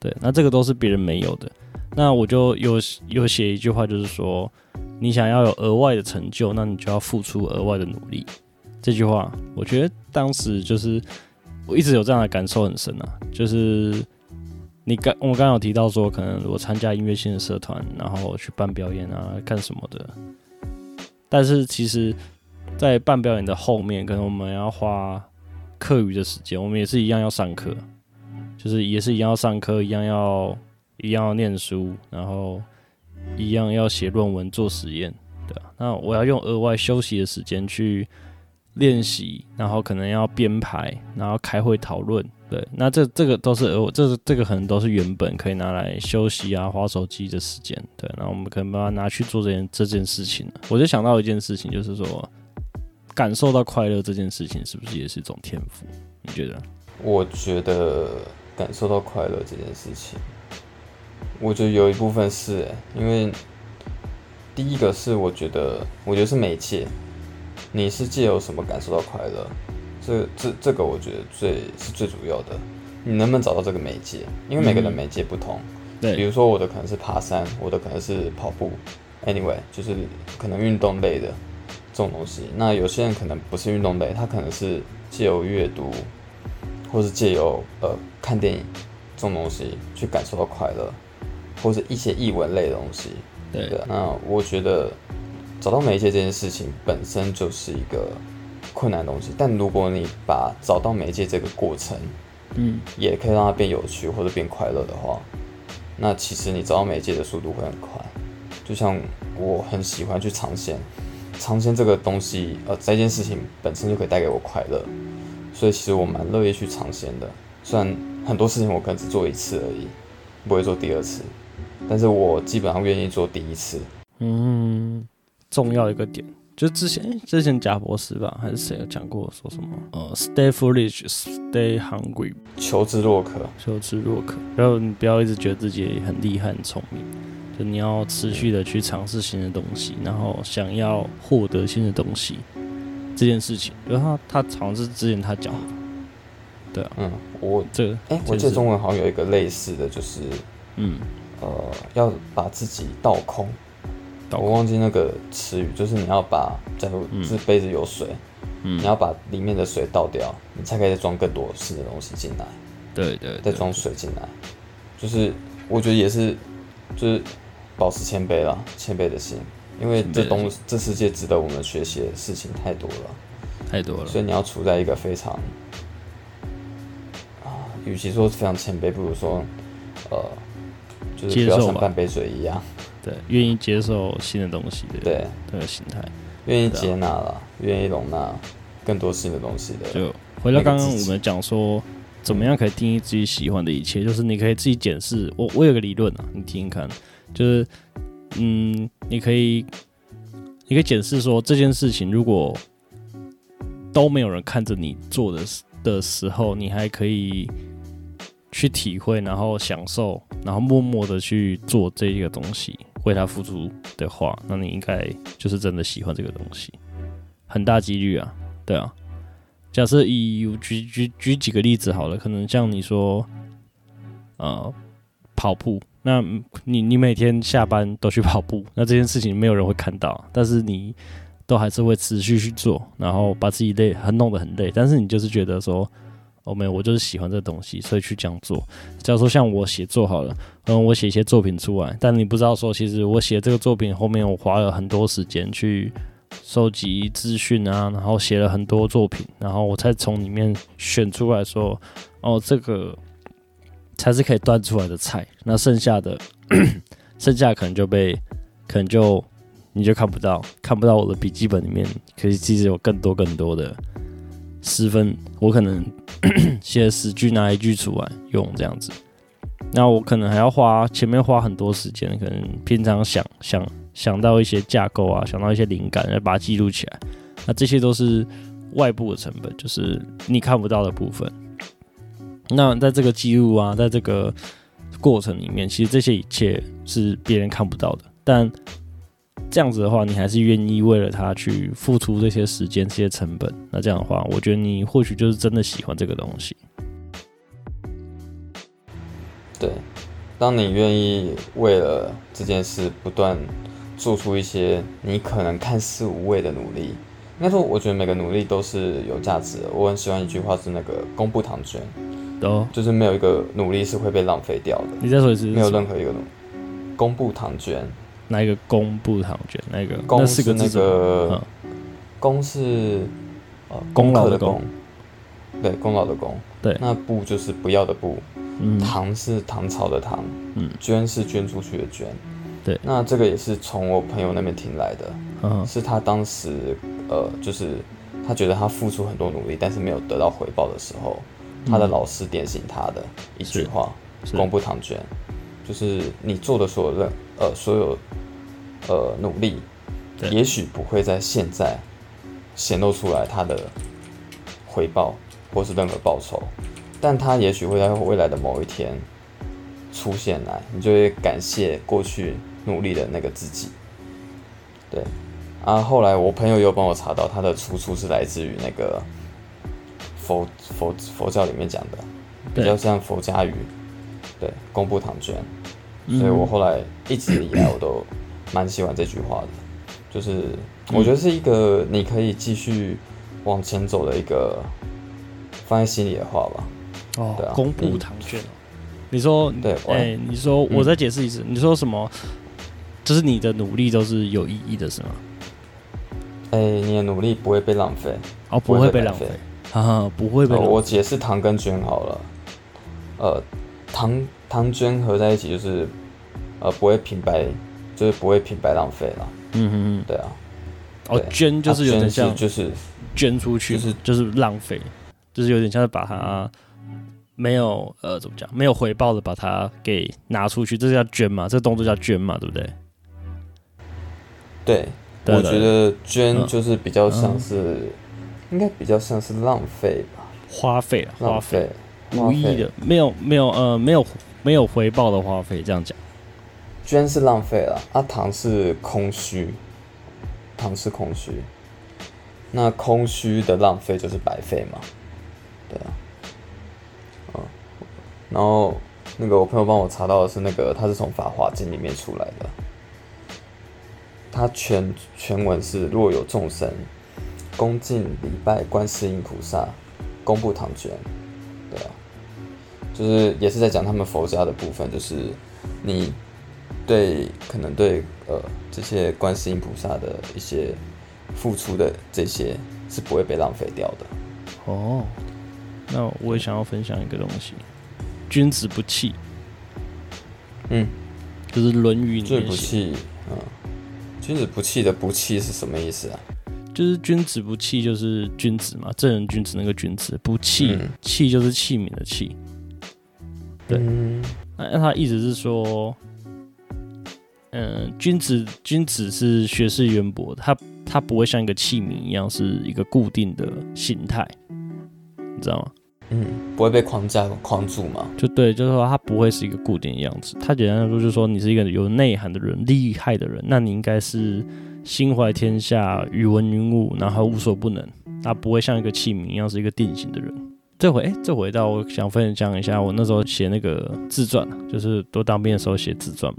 對，那這個都是別人沒有的。那我就有有寫一句話，就是說，你想要有額外的成就，那你就要付出額外的努力。這句話，我覺得當時就是我一直有這樣的感受，很深啊。就是你剛我剛剛有提到說，可能我參加音樂性的社團，然後去辦表演啊，幹什麼的，但是其實。在辦表演的後面，可能我們要花課餘的時間，我們也是一樣要上課，就是也是一樣要上課，一樣要一樣要念書，然後一樣要寫論文、做實驗，對。那我要用額外休息的時間去練習，然後可能要編排，然後開會討論，對。那這這個都是呃，這這個可能都是原本可以拿來休息啊、滑手機的時間，對。那我們可能把它拿去做這件這件事情了。我就想到一件事情，就是說。感受到快樂這件事情是不是也是一種天賦？你覺得？我覺得感受到快樂這件事情，我覺得有一部分是、欸，因為第一個是我覺得，我覺得是媒介。你是藉由什麼感受到快樂？這這這個我覺得最是最主要的。你能不能找到這個媒介？因為每個人的媒介不同。對。比如說我的可能是爬山，我的可能是跑步。Anyway，就是可能運動類的。這種東西，那有些人可能不是運動類，他可能是借由閱讀，或是借由呃看電影這種東西去感受到快樂，或者一些藝文類的東西。對的，對那我覺得找到媒介這件事情本身就是一個困難的東西，但如果你把找到媒介這個過程，嗯，也可以讓它變有趣或者變快樂的話，那其實你找到媒介的速度會很快。就像我很喜歡去嘗鮮。嘗鮮這個東西，呃，這件事情本身就可以帶給我快樂，所以其實我蠻樂意去嘗鮮的。雖然很多事情我可能只做一次而已，不會做第二次，但是我基本上願意做第一次。嗯，重要一個點，就之前之前賈伯斯吧，還是誰有講過說什麼？呃，uh，Stay foolish, stay hungry，求知若渴，求知若渴。然後你不要一直覺得自己很厲害、很聰明。就你要持續的去嘗試新的東西，嗯、然後想要獲得新的東西這件事情，然、就、後、是、他嘗試之前他講，對、啊、嗯，我這哎，我記得中文好像有一個類似的就是，嗯，呃，要把自己倒空，倒空但我忘記那個詞語，就是你要把，在這杯子有水，嗯、你要把裡面的水倒掉，你才可以再裝更多新的東西進來，對對，對對，再裝水進來，就是我覺得也是，就是。保持謙卑了，謙卑的心，因為這東這世界值得我們學習的事情太多了，太多了。所以你要處在一個非常，啊，與其說是非常謙卑，不如說，呃，就是不要像半杯水一樣，對，願意接受新的東西對，對，對，心態，願意接納了，願、啊、意容納更多新的東西的。就回到剛剛我們講說，怎麼樣可以定義自己喜歡的一切，嗯、就是你可以自己檢視。我我有個理論啊，你聽聽看。就是，嗯，你可以，你可以解釋說，這件事情，如果都沒有人看着你做的時的時候，你還可以去體會，然後享受，然後默默的去做這個東西，為它付出的話，那你應該就是真的喜歡這個東西，很大幾率啊，對啊。假設以舉舉舉，舉幾個例子好了，可能像你說，呃，跑步。那你你每天下班都去跑步，那這件事情沒有人會看到，但是你都還是會持續去做，然後把自己累，很弄得很累。但是你就是覺得說，哦，沒有，我就是喜歡這東西，所以去這樣做。假如說像我寫作好了，嗯，我寫一些作品出來，但你不知道說，其實我寫這個作品後面，我花了很多時間去收集資訊啊，然後寫了很多作品，然後我才從裡面選出來說，哦，這個才是可以端出來的菜。那剩下的，剩下可能就被，可能就你就看不到，看不到我的筆記本裡面可以其實有更多更多的私分，我可能寫 十句拿一句出來用這樣子，那我可能還要花前面花很多時間，可能平常想想想到一些架構啊，想到一些靈感，要把它記錄起來，那這些都是外部的成本，就是你看不到的部分。那在這個記錄啊，在這個。過程裡面，其實這些一切是別人看不到的。但這樣子的話，你還是願意為了他去付出這些時間、這些成本。那這樣的話，我覺得你或許就是真的喜歡這個東西。對，當你願意為了這件事不斷做出一些你可能看似無謂的努力。應該說我覺得每個努力都是有價值的。我很喜歡一句話，是那個“功不唐捐”，就是沒有一個努力是會被浪費掉的。你再說一次沒有任何一個努力。功不唐捐，哪一個功不唐捐？那個那四個字怎麼？功是呃功勞的功，對，功勞的功，對。那不就是不要的不？唐是唐朝的唐，捐是捐出去的捐，對。那這個也是從我朋友那邊聽來的。是他當時，呃，就是他覺得他付出很多努力，但是沒有得到回報的時候，嗯、他的老師點醒他的一句話：“功不唐捐。”就是你做的所有任，呃，所有，呃，努力，對也許不會在現在顯露出來他的回報或是任何報酬，但他也許會在未來的某一天出現來，你就會感謝過去努力的那個自己。對。啊！後來我朋友也有幫我查到，他的出處是來自於那個佛佛佛教裡面講的，比較像佛家語，對，功不唐捐。嗯，所以我後來一直以來我都蠻喜歡這句話的，就是我覺得是一個你可以繼續往前走的一個放在心裡的話吧。哦，對啊，功不唐捐哦，你說對，哎，嗯，你說我再解釋一次，你說什麼？就是你的努力都是有意義的，是嗎？哎、欸，你的努力不會被浪費哦，不會被浪費，哈哈、啊，不會被、呃。我解釋唐跟捐好了，呃，唐唐捐合在一起就是呃不會平白，就是不會平白浪費了。嗯哼嗯，對啊。對哦，捐就是有點像，就是捐出去，就是就是浪費，就是有點像是把它沒有呃怎麼講，沒有回報的把它給拿出去，這是叫捐嘛？這個動作叫捐嘛？對不對？對。我覺得捐就是比較像是，嗯、應該比較像是浪費吧，花費，花費，無意的，沒有、呃、沒有呃沒有沒有回報的花費，這樣講，捐是浪費了，阿、啊、唐是空虛，唐是空虛，那空虛的浪費就是白費嘛，對啊，嗯，然後那個我朋友幫我查到的是那個他是從法華經裡面出來的。它全全文是若，有眾生恭敬禮拜觀世音菩薩，功不唐捐，對啊，就是也是在講他們佛家的部分，就是你對可能對呃這些觀世音菩薩的一些付出的這些是不會被浪費掉的。哦，那我也想要分享一個東西，君子不器。嗯，就是《論語》裡最不器。嗯、呃。君子不器的不器是什麼意思啊？就是君子不器，就是君子嘛，正人君子那個君子不器，嗯、器就是器皿的器。對，那他意思是說，嗯，君子君子是學識淵博，他他不會像一個器皿一樣是一個固定的形態，你知道嗎？嗯，不會被框架框住嘛，就對，就是說他不會是一個固定的樣子。他簡單的說就是說，你是一個有內涵的人，厲害的人，那你應該是心懷天下，允文允武，然後無所不能。那不會像一個器皿一樣是一個定型的人。這回哎，這回到我想分享一下，我那時候寫那個自傳，就是都當兵的時候寫自傳嘛。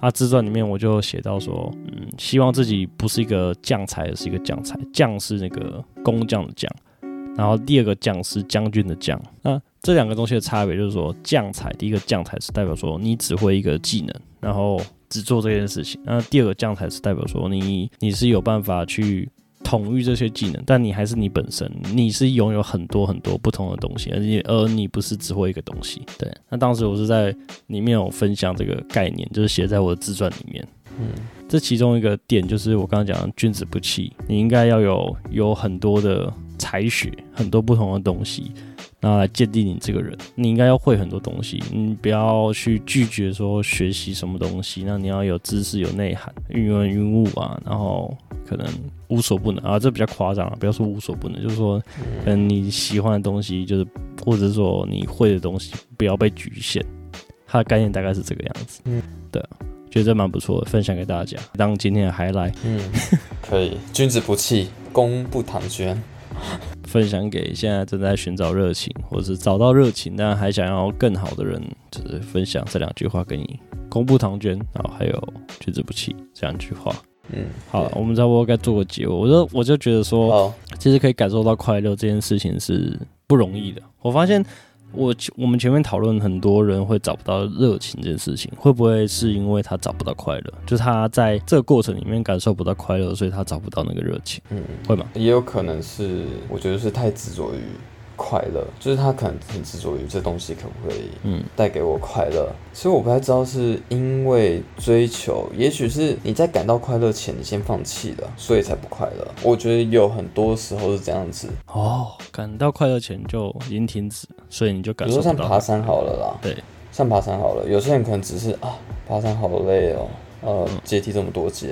他、啊、自傳裡面我就寫到說，嗯，希望自己不是一個將才，而是一個匠才。匠是那個工匠的匠。然後第二個將是將軍的將，那這兩個東西的差別就是說，將才第一個將才是代表說你只會一個技能，然後只做這件事情；那第二個將才是代表說你你是有辦法去統御這些技能，但你還是你本身，你是擁有很多很多不同的東西，而且而你不是只會一個東西。對，那當時我是在裡面有分享這個概念，就是寫在我的自傳裡面。嗯，這其中一個點就是我剛剛講的君子不器，你應該要有有很多的。採取很多不同的東西，那來鑑定你這個人，你應該要會很多東西，你不要去拒絕說學習什麼東西，那你要有知識、有內涵、允文允武啊，然後可能無所不能啊，這比較誇張啊，不要說無所不能，就是說，嗯，你喜歡的東西，就是或者是說你會的東西，不要被局限，它的概念大概是這個樣子。嗯，對，覺得這蠻不錯的，分享給大家。當今天的 highlight，嗯， 可以，君子不器，功不唐捐。 分享給現在正在尋找熱情，或者是找到熱情但還想要更好的人，就是分享這兩句話給你：“功不唐捐”，然後還有“絕之不棄”這兩句話。嗯，好，我們差不多該做個結尾。我就我就覺得說，好其實可以感受到快樂這件事情是不容易的。我發現。我我們前面討論很多人會找不到熱情這件事情，會不會是因為他找不到快樂？就他在這個過程裡面感受不到快樂，所以他找不到那個熱情，嗯，會嗎？也有可能是，我覺得是太執着於。快樂就是他可能很執着於這東西，可不可以，嗯帶給我快樂？其實我不太知道，是因為追求，也許是你在感到快樂前，你先放棄了，所以才不快樂。我覺得有很多時候是這樣子哦，感到快樂前就已經停止，所以你就感覺。比如說像爬山好了啦，對，像爬山好了，有些人可能只是啊，爬山好累哦、喔，呃，階梯這麼多階，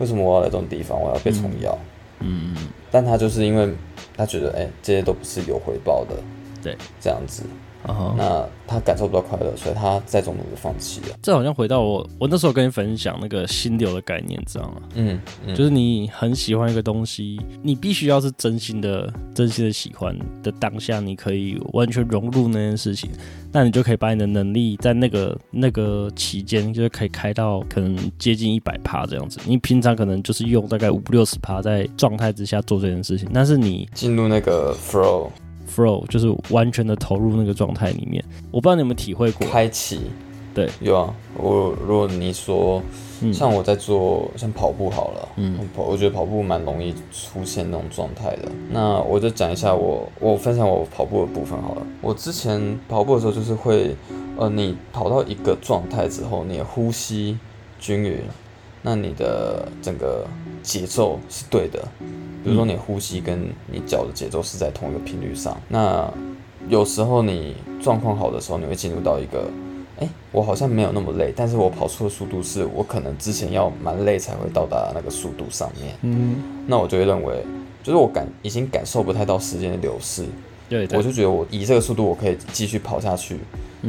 為什麼我要來這種地方？我要被蟲咬。嗯嗯嗯，但他就是因為他覺得，哎、欸，這些都不是有回報的，對，這樣子。Oh. 那他感受不到快樂，所以他在中途就放棄了。這好像回到我我那時候跟你分享那個心流的概念，知道嗎？嗯，嗯，就是你很喜歡一個東西，你必須要是真心的、真心的喜歡的當下，你可以完全融入那件事情，那你就可以把你的能力在那個那個期間，就是可以開到可能接近一百趴這樣子。你平常可能就是用大概五六十趴在狀態之下做這件事情，但是你進入那個 flow。就是完全的投入那個狀態裡面，我不知道你們有沒有體會過開啟？對，有啊。我如果你說像我在做像跑步好了，嗯我，我覺得跑步蠻容易出現那種狀態的。那我就講一下我我分享我跑步的部分好了。我之前跑步的時候就是會，呃，你跑到一個狀態之後，你的呼吸均勻，那你的整個。節奏是對的，比如說你呼吸跟你腳的節奏是在同一個頻率上。那有時候你狀況好的時候，你會進入到一個，誒，我好像沒有那麼累，但是我跑出的速度是我可能之前要蠻累才會到達那個速度上面。嗯哼，那我就會認為，就是我感已經感受不太到時間的流逝。對，我就覺得我以這個速度我可以繼續跑下去的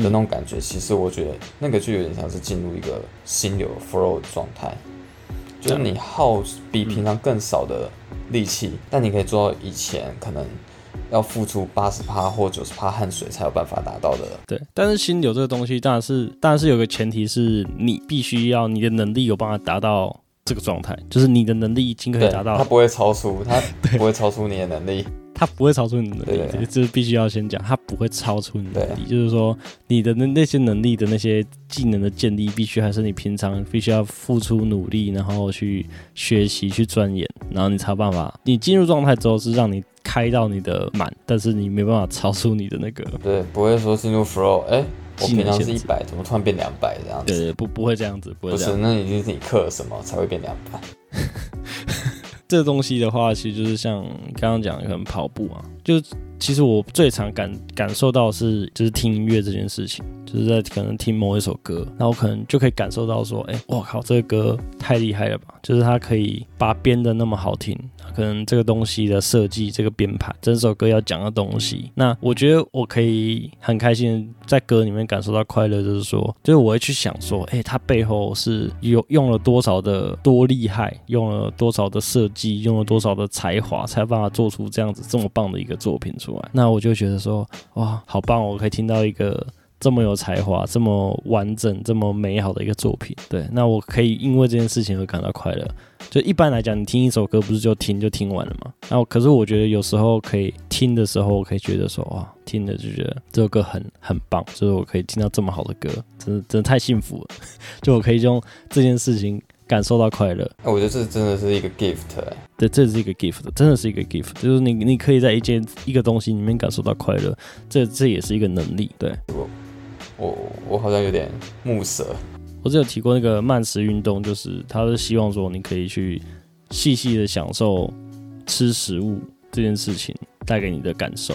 那種感覺，嗯、其實我覺得那個就有點像是進入一個心流 flow 的狀態。就是你耗比平常更少的力氣，嗯，但你可以做到以前可能要付出八十趴或九十趴汗水才有辦法達到的。對，但是心流這個東西，當然是，當然是有個前提是你必須要你的能力有辦法達到這個狀態，就是你的能力已經可以達到。它不會超出，它不會超出你的能力。 他不會超出你的能力，對啊、這是必須要先講。他不會超出你的能力，啊、就是說你的那那些能力的那些技能的建立，必須還是你平常必須要付出努力，然後去學習、去鑽研。然後你才有辦法，你進入狀態之後是讓你開到你的滿，但是你沒辦法超出你的那個。對，不會說進入 flow，哎，我平常是一百，怎麼突然變兩百這樣子？對，對對，不不會這樣子，不會這樣。不是，那你就是你課了什麼才會變兩百？ 這東西的話，其實就是像剛剛講的可能跑步啊，就其實我最常感感受到的是就是聽音樂這件事情，就是在可能聽某一首歌，然後可能就可以感受到說，哎，我靠，這個歌太厲害了吧，就是它可以把編的那麼好聽。可能這個東西的設計、這個編排、整首歌要講的東西，那我覺得我可以很開心，在歌裡面感受到快樂，就是說，就是我會去想說，誒、欸，它背後是有用了多少的多厲害，用了多少的設計，用了多少的才華，才把它做出這樣子這麼棒的一個作品出來。那我就覺得說，哇，好棒、哦！我可以聽到一個這麼有才華、這麼完整、這麼美好的一個作品。對，那我可以因為這件事情而感到快樂。就一般來講，你聽一首歌不是就聽就聽完了嗎？然後、啊、可是我覺得有時候可以聽的時候，我可以覺得說哇，聽着就覺得這首歌很很棒，就是我可以聽到這麼好的歌，真的真的太幸福了。 就我可以用這件事情感受到快樂。我覺得這真的是一個 gift。對，這是一個 gift，真的是一個 gift。就是你你可以在一件一個東西裡面感受到快樂，這這也是一個能力。對，我我我好像有點目澀。我只有提過那個慢食運動，就是他是希望說你可以去細細的享受吃食物這件事情帶給你的感受，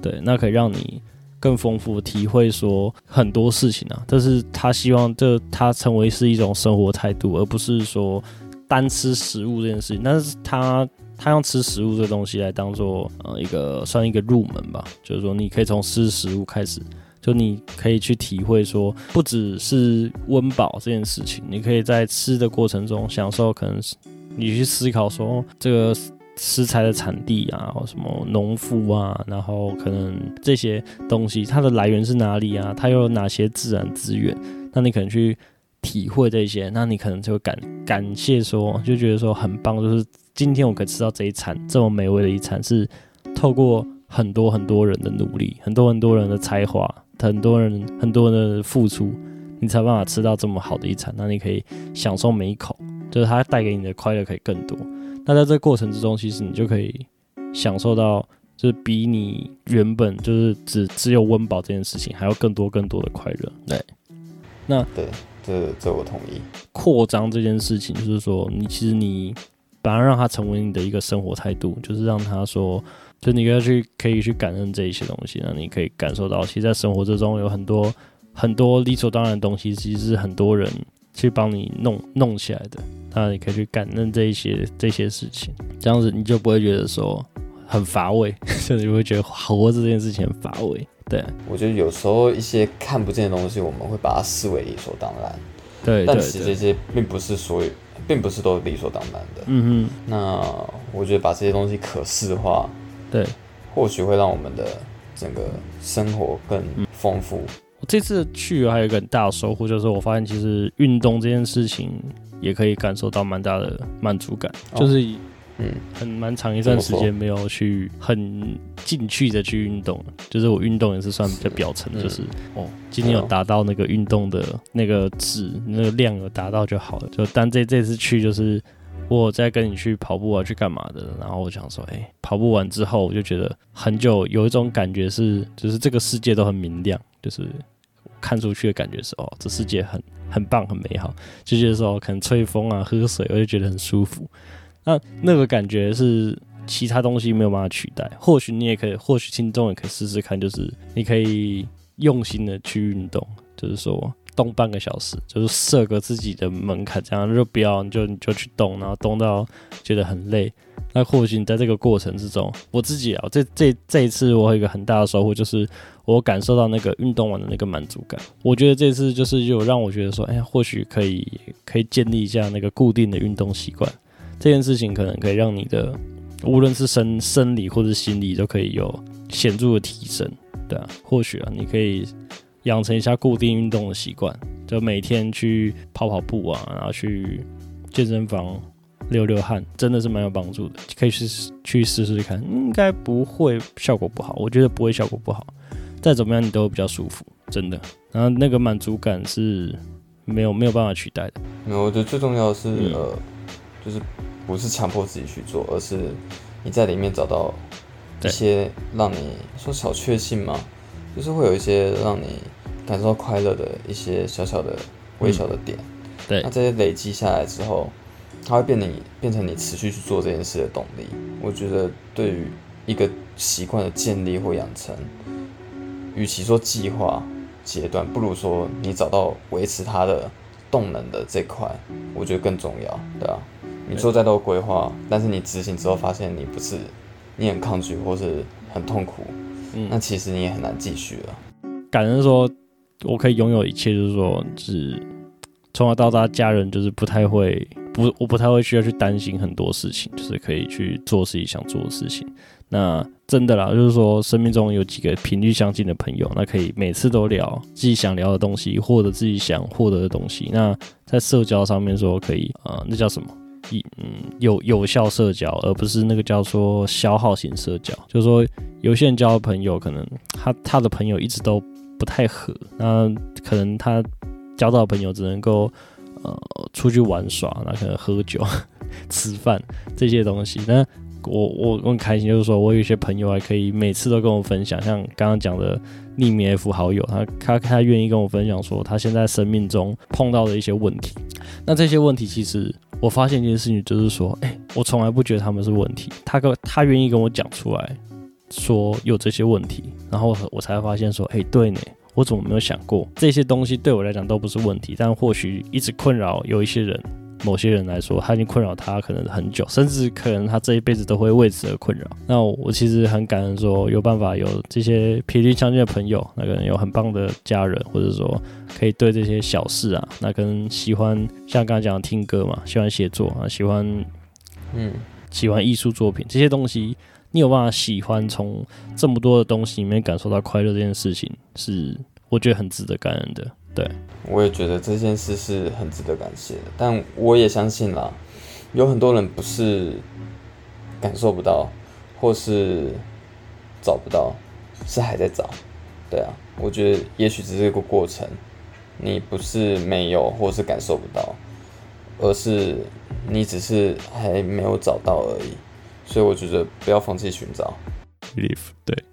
對，那可以讓你更豐富的體會說很多事情啊。但是他希望這他成為是一種生活態度，而不是說單吃食物這件事情。但是他他用吃食物這東西來當做呃一個算一個入門吧，就是說你可以從吃食物開始。就你可以去體會說，不只是溫飽這件事情，你可以在吃的過程中享受，可能是你去思考說，這個食材的產地啊，什麼農夫啊，然後可能這些東西它的來源是哪裡啊，它又有哪些自然資源？那你可能去體會這些，那你可能就感感謝說，就覺得說很棒，就是今天我可以吃到這一餐這麼美味的一餐，是透過很多很多人的努力，很多很多人的才華。很多人很多人的付出，你才有辦法吃到這麼好的一餐。那你可以享受每一口，就是它帶給你的快樂可以更多。那在這個過程之中，其實你就可以享受到，就是比你原本就是只只有溫飽這件事情，還要更多更多的快樂。對，對那對，這這我同意。擴張這件事情，就是說你其實你，反而讓它成為你的一個生活態度，就是讓他說。就你要去可以去感恩這一些東西，那你可以感受到，其實，在生活之中有很多很多理所當然的東西，其實是很多人去幫你弄弄起來的。那你可以去感恩這一些這一些事情，這樣子你就不會覺得說很乏味，甚至會覺得好過這件事情很乏味。對，我覺得有時候一些看不見的東西，我們會把它視為理所當然。對，對，對，對，但其實這些並不是所有，並不是都理所當然的。嗯嗯哼，那我覺得把這些東西可視化。對，或許會讓我們的整個生活更豐富。嗯，我這次去還有一個很大的收穫，就是我發現其實運動這件事情也可以感受到蠻大的滿足感。哦、就是嗯，很蠻長一段時間沒有去很進去的去運動，就是我運動也是算比較表層的，是就是、嗯、哦，今天有達到那個運動的那個質、嗯、那個量有達到就好了。就但這這次去就是。我在跟你去跑步啊，去幹嘛的？然後我想說，哎、欸，跑步完之後，我就覺得很久有一種感覺是，就是這個世界都很明亮，就是看出去的感覺是哦，這世界很很棒，很美好，就覺得說可能吹風啊，喝水，我就覺得很舒服。那那個感覺是其他東西沒有辦法取代。或許你也可以，或許聽眾也可以試試看，就是你可以用心的去運動，就是說。動半個小時，就是設個自己的門檻，這樣就不要，你就你就去動，然後動到覺得很累。那或許你在這個過程之中，我自己啊，這這這一次我有一個很大的收穫，就是我感受到那個運動完的那個滿足感。我覺得這次就是有讓我覺得說，哎、欸，或許可以可以建立一下那個固定的運動習慣。這件事情可能可以讓你的，無論是生生理或是心理，都可以有顯著的提升，對啊。或許啊，你可以。養成一下固定運動的習慣，就每天去跑跑步啊，然後去健身房流流汗，真的是蠻有幫助的。可以去去試試看，應該不會效果不好。我覺得不會效果不好，再怎麼樣你都會比較舒服，真的。然後那個滿足感是沒有沒有辦法取代的、嗯。我覺得最重要的是呃，就是不是強迫自己去做，而是你在裡面找到一些讓你說小確幸嘛。就是會有一些讓你感受到快樂的一些小小的微小的點。嗯、對，那這些累積下來之後，它會變你變成你持續去做這件事的動力。我覺得對於一個習慣的建立或養成，與其說計劃階段，不如說你找到維持它的動能的這塊，我覺得更重要。對啊，你做再多規劃，對但是你執行之後發現你不是你很抗拒，或是很痛苦。嗯，那其實你也很難繼續了。感恩說，我可以擁有一切就，就是說是從小到大家人就是不太會不，我不太會需要去擔心很多事情，就是可以去做自己想做的事情。那真的啦，就是說生命中有幾個頻率相近的朋友，那可以每次都聊自己想聊的東西，獲得自己想獲得的東西。那在社交上面說可以呃，那叫什麼？嗯，有，嗯，有有效社交，而不是那個叫做消耗型社交。就是說，有些人交的朋友，可能他他的朋友一直都不太合，那可能他交到的朋友只能夠呃出去玩耍，那可能喝酒、呵呵吃飯這些東西。那我我很開心，就是說我有一些朋友還可以每次都跟我分享，像剛剛講的。匿名 F 好友，他他他願意跟我分享說他現在生命中碰到的一些問題。那這些問題，其實我發現一件事情，就是說，哎、欸，我從來不覺得他們是問題。他跟他願意跟我講出來，說有這些問題，然後我，我才發現說，哎、欸，對呢，我怎麼沒有想過這些東西對我來講都不是問題，但或許一直困擾有一些人。某些人來說，他已經困擾他可能很久，甚至可能他這一輩子都會為此而困擾。那我，我其實很感恩說，說有辦法有這些脾氣相近的朋友，那個人有很棒的家人，或者說可以對這些小事啊，那跟喜歡像剛才講的聽歌嘛，喜歡寫作啊，喜歡嗯喜歡藝術作品這些東西，你有辦法喜歡從這麼多的東西裡面感受到快樂這件事情，是我覺得很值得感恩的，對。我也覺得這件事是很值得感謝的，但我也相信啦，有很多人不是感受不到，或是找不到，是還在找。對啊，我覺得也許只是個過程，你不是沒有，或是感受不到，而是你只是還沒有找到而已。所以我覺得不要放棄尋找，life。對，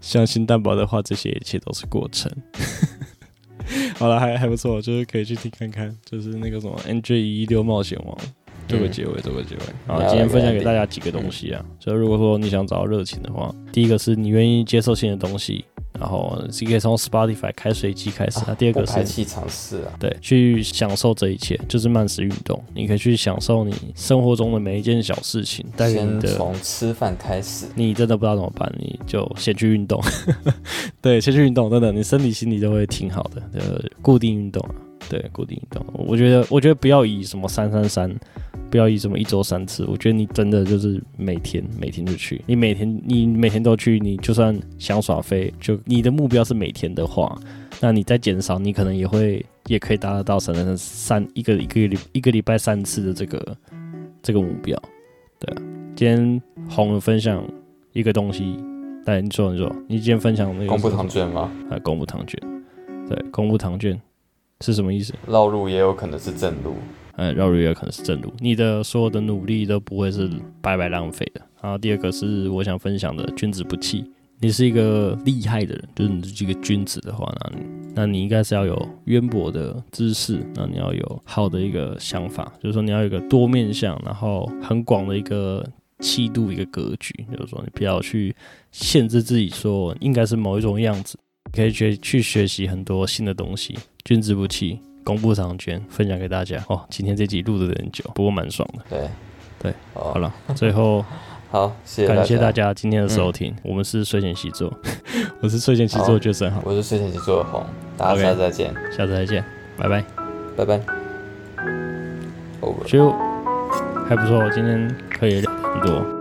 相信蛋堡的話，這些一切都是過程。 好了，還還不錯，就是可以去聽看看，就是那個什麼 N G 16冒險王，這個、嗯、結尾，這個結尾。然後好今天分享給大家幾個東西啊，嗯、就是如果說你想找到熱情的話，第一個是你願意接受新的東西。然後你可以從 Spotify 開隨機開始。啊、第二個是氣嘗試啊，對，去享受這一切，就是慢食運動。你可以去享受你生活中的每一件小事情。但先從吃飯開始。你真的不知道怎麼辦，你就先去運動。 對，先去運動，真的，你身體、心理都會挺好的。對，固定運動，對，固定運動。我覺得，我覺得不要以什麼三三三。不要以什麼一周三次，我覺得你真的就是每天每天就去，你每天你每天都去，你就算想耍廢，就你的目標是每天的話，那你再減少，你可能也會也可以達得到三三一個一個禮一個禮拜三次的這個這個目標。對啊，今天紅了分享一個東西。來，你說你你今天分享的那個功不唐捐嗎？啊，功不唐捐，對。功不唐捐是什麼意思？繞路也有可能是正路。呃，繞路、嗯、也可能是正路，你的所有的努力都不會是白白浪費的。然後第二個是我想分享的，君子不器，你是一個厲害的人，就是你是一個君子的話呢，那你應該是要有淵博的知識，那你要有好的一個想法，就是說你要有一個多面向，然後很廣的一個氣度、一個格局，就是說你不要去限制自己，說應該是某一種樣子，你可以去去學習很多新的東西。君子不器。公布上卷，分享給大家哦。今天這集錄的有點久，不過蠻爽的。對，對，好了，最後 好，謝謝，感謝大家今天的收聽。嗯、我們是睡前習作，嗯、 我是睡前習作 Jason，好，我是睡前習作紅。大家下次再見，okay, 下次再見，拜拜，拜拜。覺得 Over. 還不錯，今天可以聊很多。